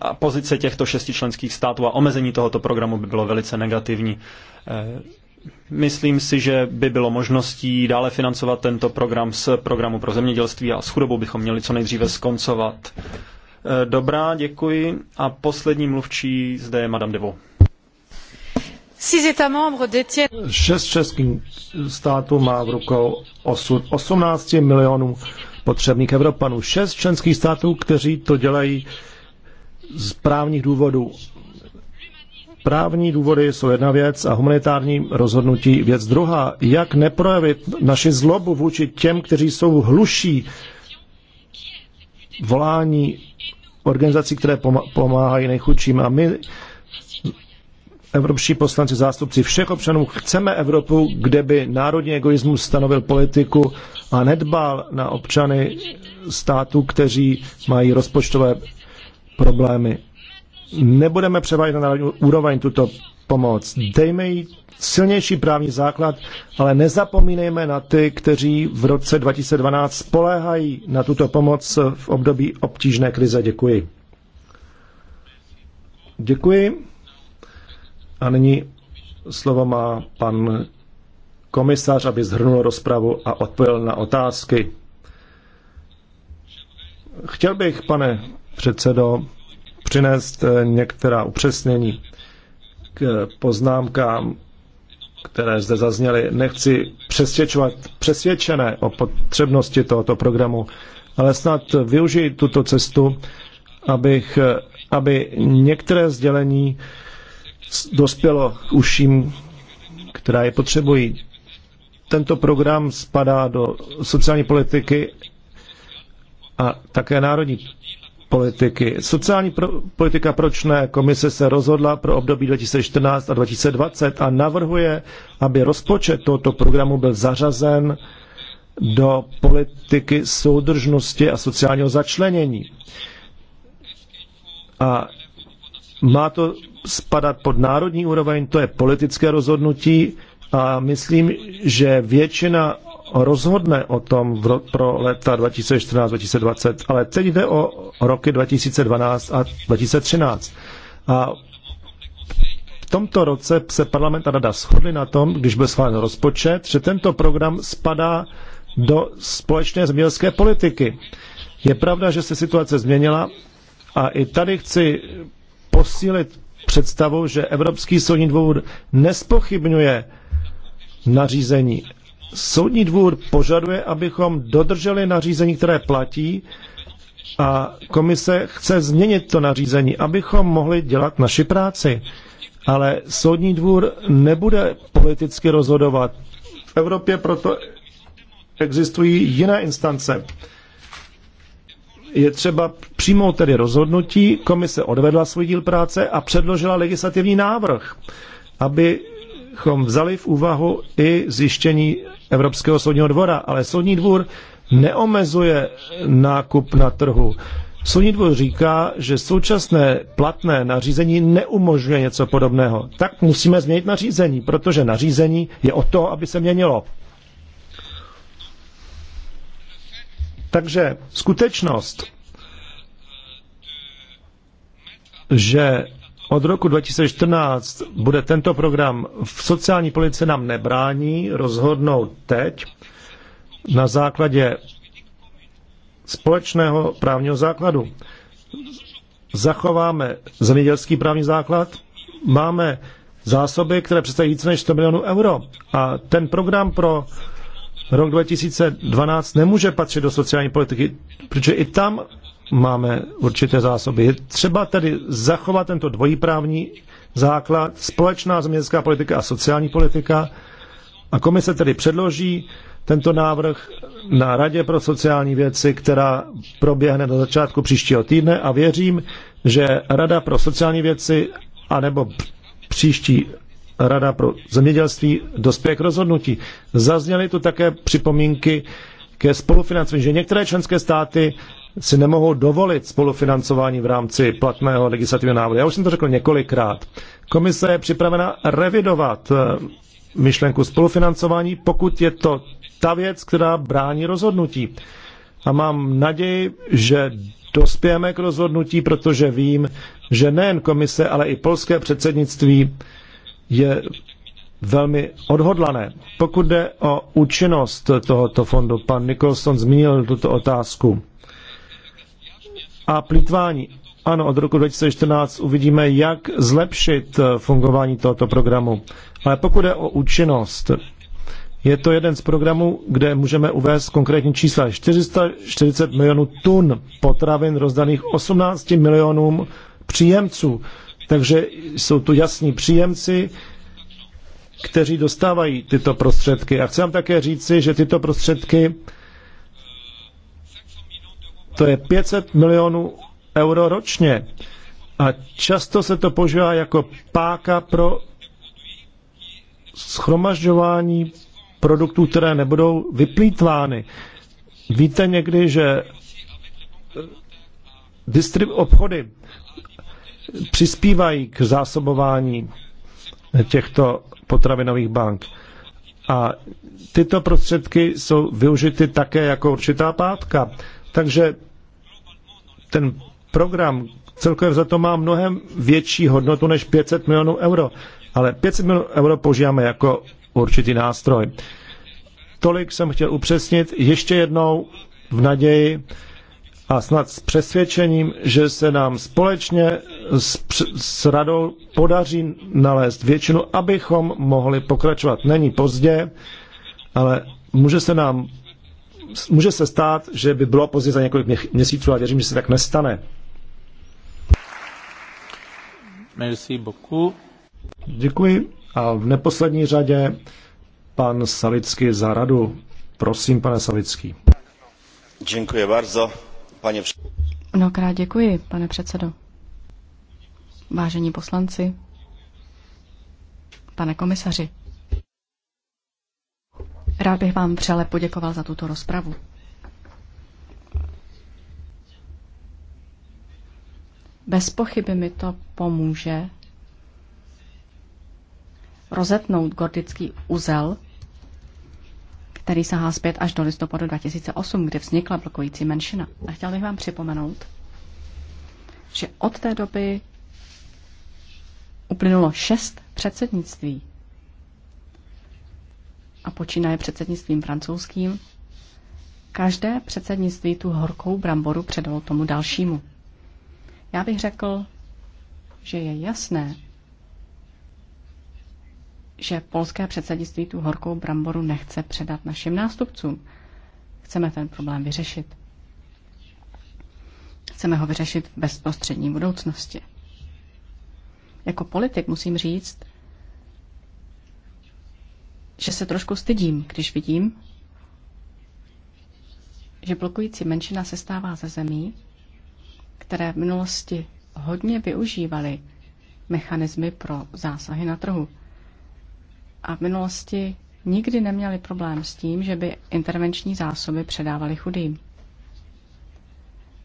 a pozice těchto šesti členských států a omezení tohoto programu by bylo velice negativní. Eh, myslím si, že by bylo možností dále financovat tento program z programu pro zemědělství a s chudobou bychom měli co nejdříve skoncovat. Dobrá, děkuji. A poslední mluvčí zde je Madame Devo. Šest českých států má v rukou osud 18 milionů potřebných Evropanů. Šest členských států, kteří to dělají z právních důvodů. Právní důvody jsou jedna věc a humanitární rozhodnutí věc druhá. Jak neprojevit naši zlobu vůči těm, kteří jsou hluší volání organizací, které pomáhají nejchudším. A my evropští poslanci, zástupci všech občanů, chceme Evropu, kde by národní egoismus stanovil politiku a nedbal na občany států, kteří mají rozpočtové problémy. Nebudeme převádět na národní úroveň tuto pomoc. Dejme jí silnější právní základ, ale nezapomínejme na ty, kteří v roce 2012 spoléhají na tuto pomoc v období obtížné krize. Děkuji. Děkuji. A nyní slovo má pan komisař, aby zhrnul rozpravu a odpověděl na otázky. Chtěl bych, pane předsedo, přinést eh, některá upřesnění k poznámkám, které zde zazněly. Nechci přesvědčovat přesvědčené o potřebnosti tohoto programu, ale snad využiji tuto cestu, abych, eh, aby některé sdělení dospělo k uším, která je potřebují. Tento program spadá do sociální politiky a také národní politiky. Sociální pro, politika proč ne? Komise se rozhodla pro období 2014 a 2020 a navrhuje, aby rozpočet tohoto programu byl zařazen do politiky soudržnosti a sociálního začlenění. A má to spadat pod národní úroveň, to je politické rozhodnutí a myslím, že většina rozhodne o tom pro leta 2014-2020, ale teď jde o roky 2012 a 2013. A v tomto roce se parlament a rada shodli na tom, když byl schválen rozpočet, že tento program spadá do společné zemědělské politiky. Je pravda, že se situace změnila a i tady chci posílit představu, že Evropský soudní dvůr nespochybňuje nařízení. Soudní dvůr požaduje, abychom dodrželi nařízení, které platí a komise chce změnit to nařízení, abychom mohli dělat naši práci. Ale soudní dvůr nebude politicky rozhodovat. V Evropě proto existují jiné instance je třeba přijmout tedy rozhodnutí, komise odvedla svůj díl práce a předložila legislativní návrh, abychom vzali v úvahu i zjištění Evropského soudního dvora, ale soudní dvůr neomezuje nákup na trhu. Soudní dvůr říká, že současné platné nařízení neumožňuje něco podobného. Tak musíme změnit nařízení, protože nařízení je o to, aby se měnilo. Takže skutečnost, že od roku 2014 bude tento program v sociální politice nám nebrání rozhodnout teď na základě společného právního základu. Zachováme zemědělský právní základ, máme zásoby, které představují více než 100 milionů euro. A ten program pro Rok 2012 nemůže patřit do sociální politiky, protože i tam máme určité zásoby. Je třeba tedy zachovat tento dvojíprávní základ, společná zemědělská politika a sociální politika. A komise tedy předloží tento návrh na Radě pro sociální věci, která proběhne na začátku příštího týdne a věřím, že Rada pro sociální věci anebo příští Rada pro zemědělství dospěje k rozhodnutí. Zazněly tu také připomínky ke spolufinancování, že některé členské státy si nemohou dovolit spolufinancování v rámci platného legislativního návrhu. Já už jsem to řekl několikrát. Komise je připravena revidovat eh, myšlenku spolufinancování, pokud je to ta věc, která brání rozhodnutí. A mám naději, že dospějeme k rozhodnutí, protože vím, že nejen komise, ale i polské předsednictví je velmi odhodlané. Pokud jde o účinnost tohoto fondu, pan Nicholson zmínil tuto otázku. A plítvání. Ano, od roku 2014 uvidíme, jak zlepšit fungování tohoto programu. Ale pokud jde o účinnost, je to jeden z programů, kde můžeme uvést konkrétní čísla. 440 milionů tun potravin rozdaných 18 milionům příjemců. Takže jsou tu jasní příjemci, kteří dostávají tyto prostředky. A chci vám také říci, že tyto prostředky to je 500 milionů euro ročně. A často se to požívá jako páka pro schromažďování produktů, které nebudou vyplýtvány. Víte někdy, že distrib- obchody přispívají k zásobování těchto potravinových bank. A tyto prostředky jsou využity také jako určitá pátka. Takže ten program celkově za to má mnohem větší hodnotu než 500 milionů euro. Ale 500 milionů euro používáme jako určitý nástroj. Tolik jsem chtěl upřesnit. Ještě jednou v naději, a snad s přesvědčením, že se nám společně s, s radou podaří nalézt většinu, abychom mohli pokračovat. Není pozdě, ale může se nám může se stát, že by bylo pozdě za několik měsíců a věřím, že se tak nestane. Merci beaucoup. Děkuji. A v neposlední řadě pan Salický za radu. Prosím, pane Salický. Děkuji bardzo paně Mnohokrát děkuji, pane předsedo. Vážení poslanci, pane komisaři, rád bych vám přele poděkoval za tuto rozpravu. Bez pochyby mi to pomůže rozetnout gordický uzel, který sahá zpět až do listopadu 2008, kdy vznikla blokující menšina. A chtěl bych vám připomenout, že od té doby uplynulo šest předsednictví a počínaje předsednictvím francouzským. Každé předsednictví tu horkou bramboru předalo tomu dalšímu. Já bych řekl, že je jasné, že polské předsednictví tu horkou bramboru nechce předat našim nástupcům. Chceme ten problém vyřešit. Chceme ho vyřešit v bezprostřední budoucnosti. Jako politik musím říct, že se trošku stydím, když vidím, že blokující menšina se stává ze zemí, které v minulosti hodně využívaly mechanismy pro zásahy na trhu a v minulosti nikdy neměli problém s tím, že by intervenční zásoby předávali chudým.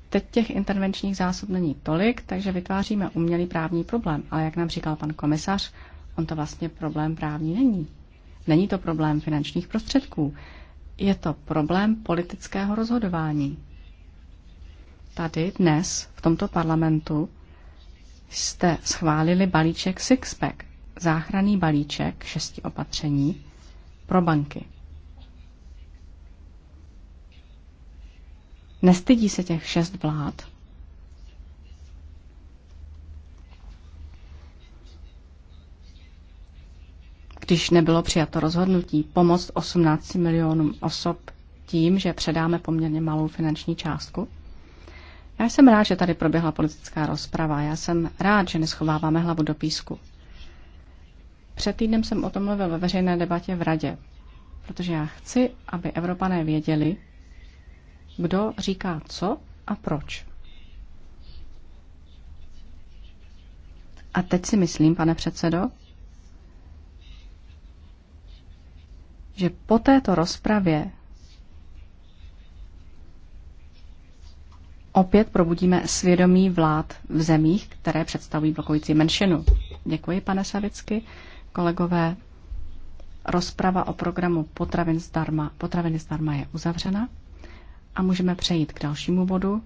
Teď těch intervenčních zásob není tolik, takže vytváříme umělý právní problém. Ale jak nám říkal pan komisař, on to vlastně problém právní není. Není to problém finančních prostředků. Je to problém politického rozhodování. Tady dnes v tomto parlamentu jste schválili balíček Sixpack záchranný balíček šesti opatření pro banky. Nestydí se těch šest vlád. Když nebylo přijato rozhodnutí pomoct 18 milionům osob tím, že předáme poměrně malou finanční částku, já jsem rád, že tady proběhla politická rozprava. Já jsem rád, že neschováváme hlavu do písku. Před týdnem jsem o tom mluvil ve veřejné debatě v Radě, protože já chci, aby Evropané věděli, kdo říká co a proč. A teď si myslím, pane předsedo, že po této rozpravě opět probudíme svědomí vlád v zemích, které představují blokující menšinu. Děkuji, pane Savicky. Kolegové, rozprava o programu Potravin zdarma, Potraviny zdarma je uzavřena a můžeme přejít k dalšímu bodu,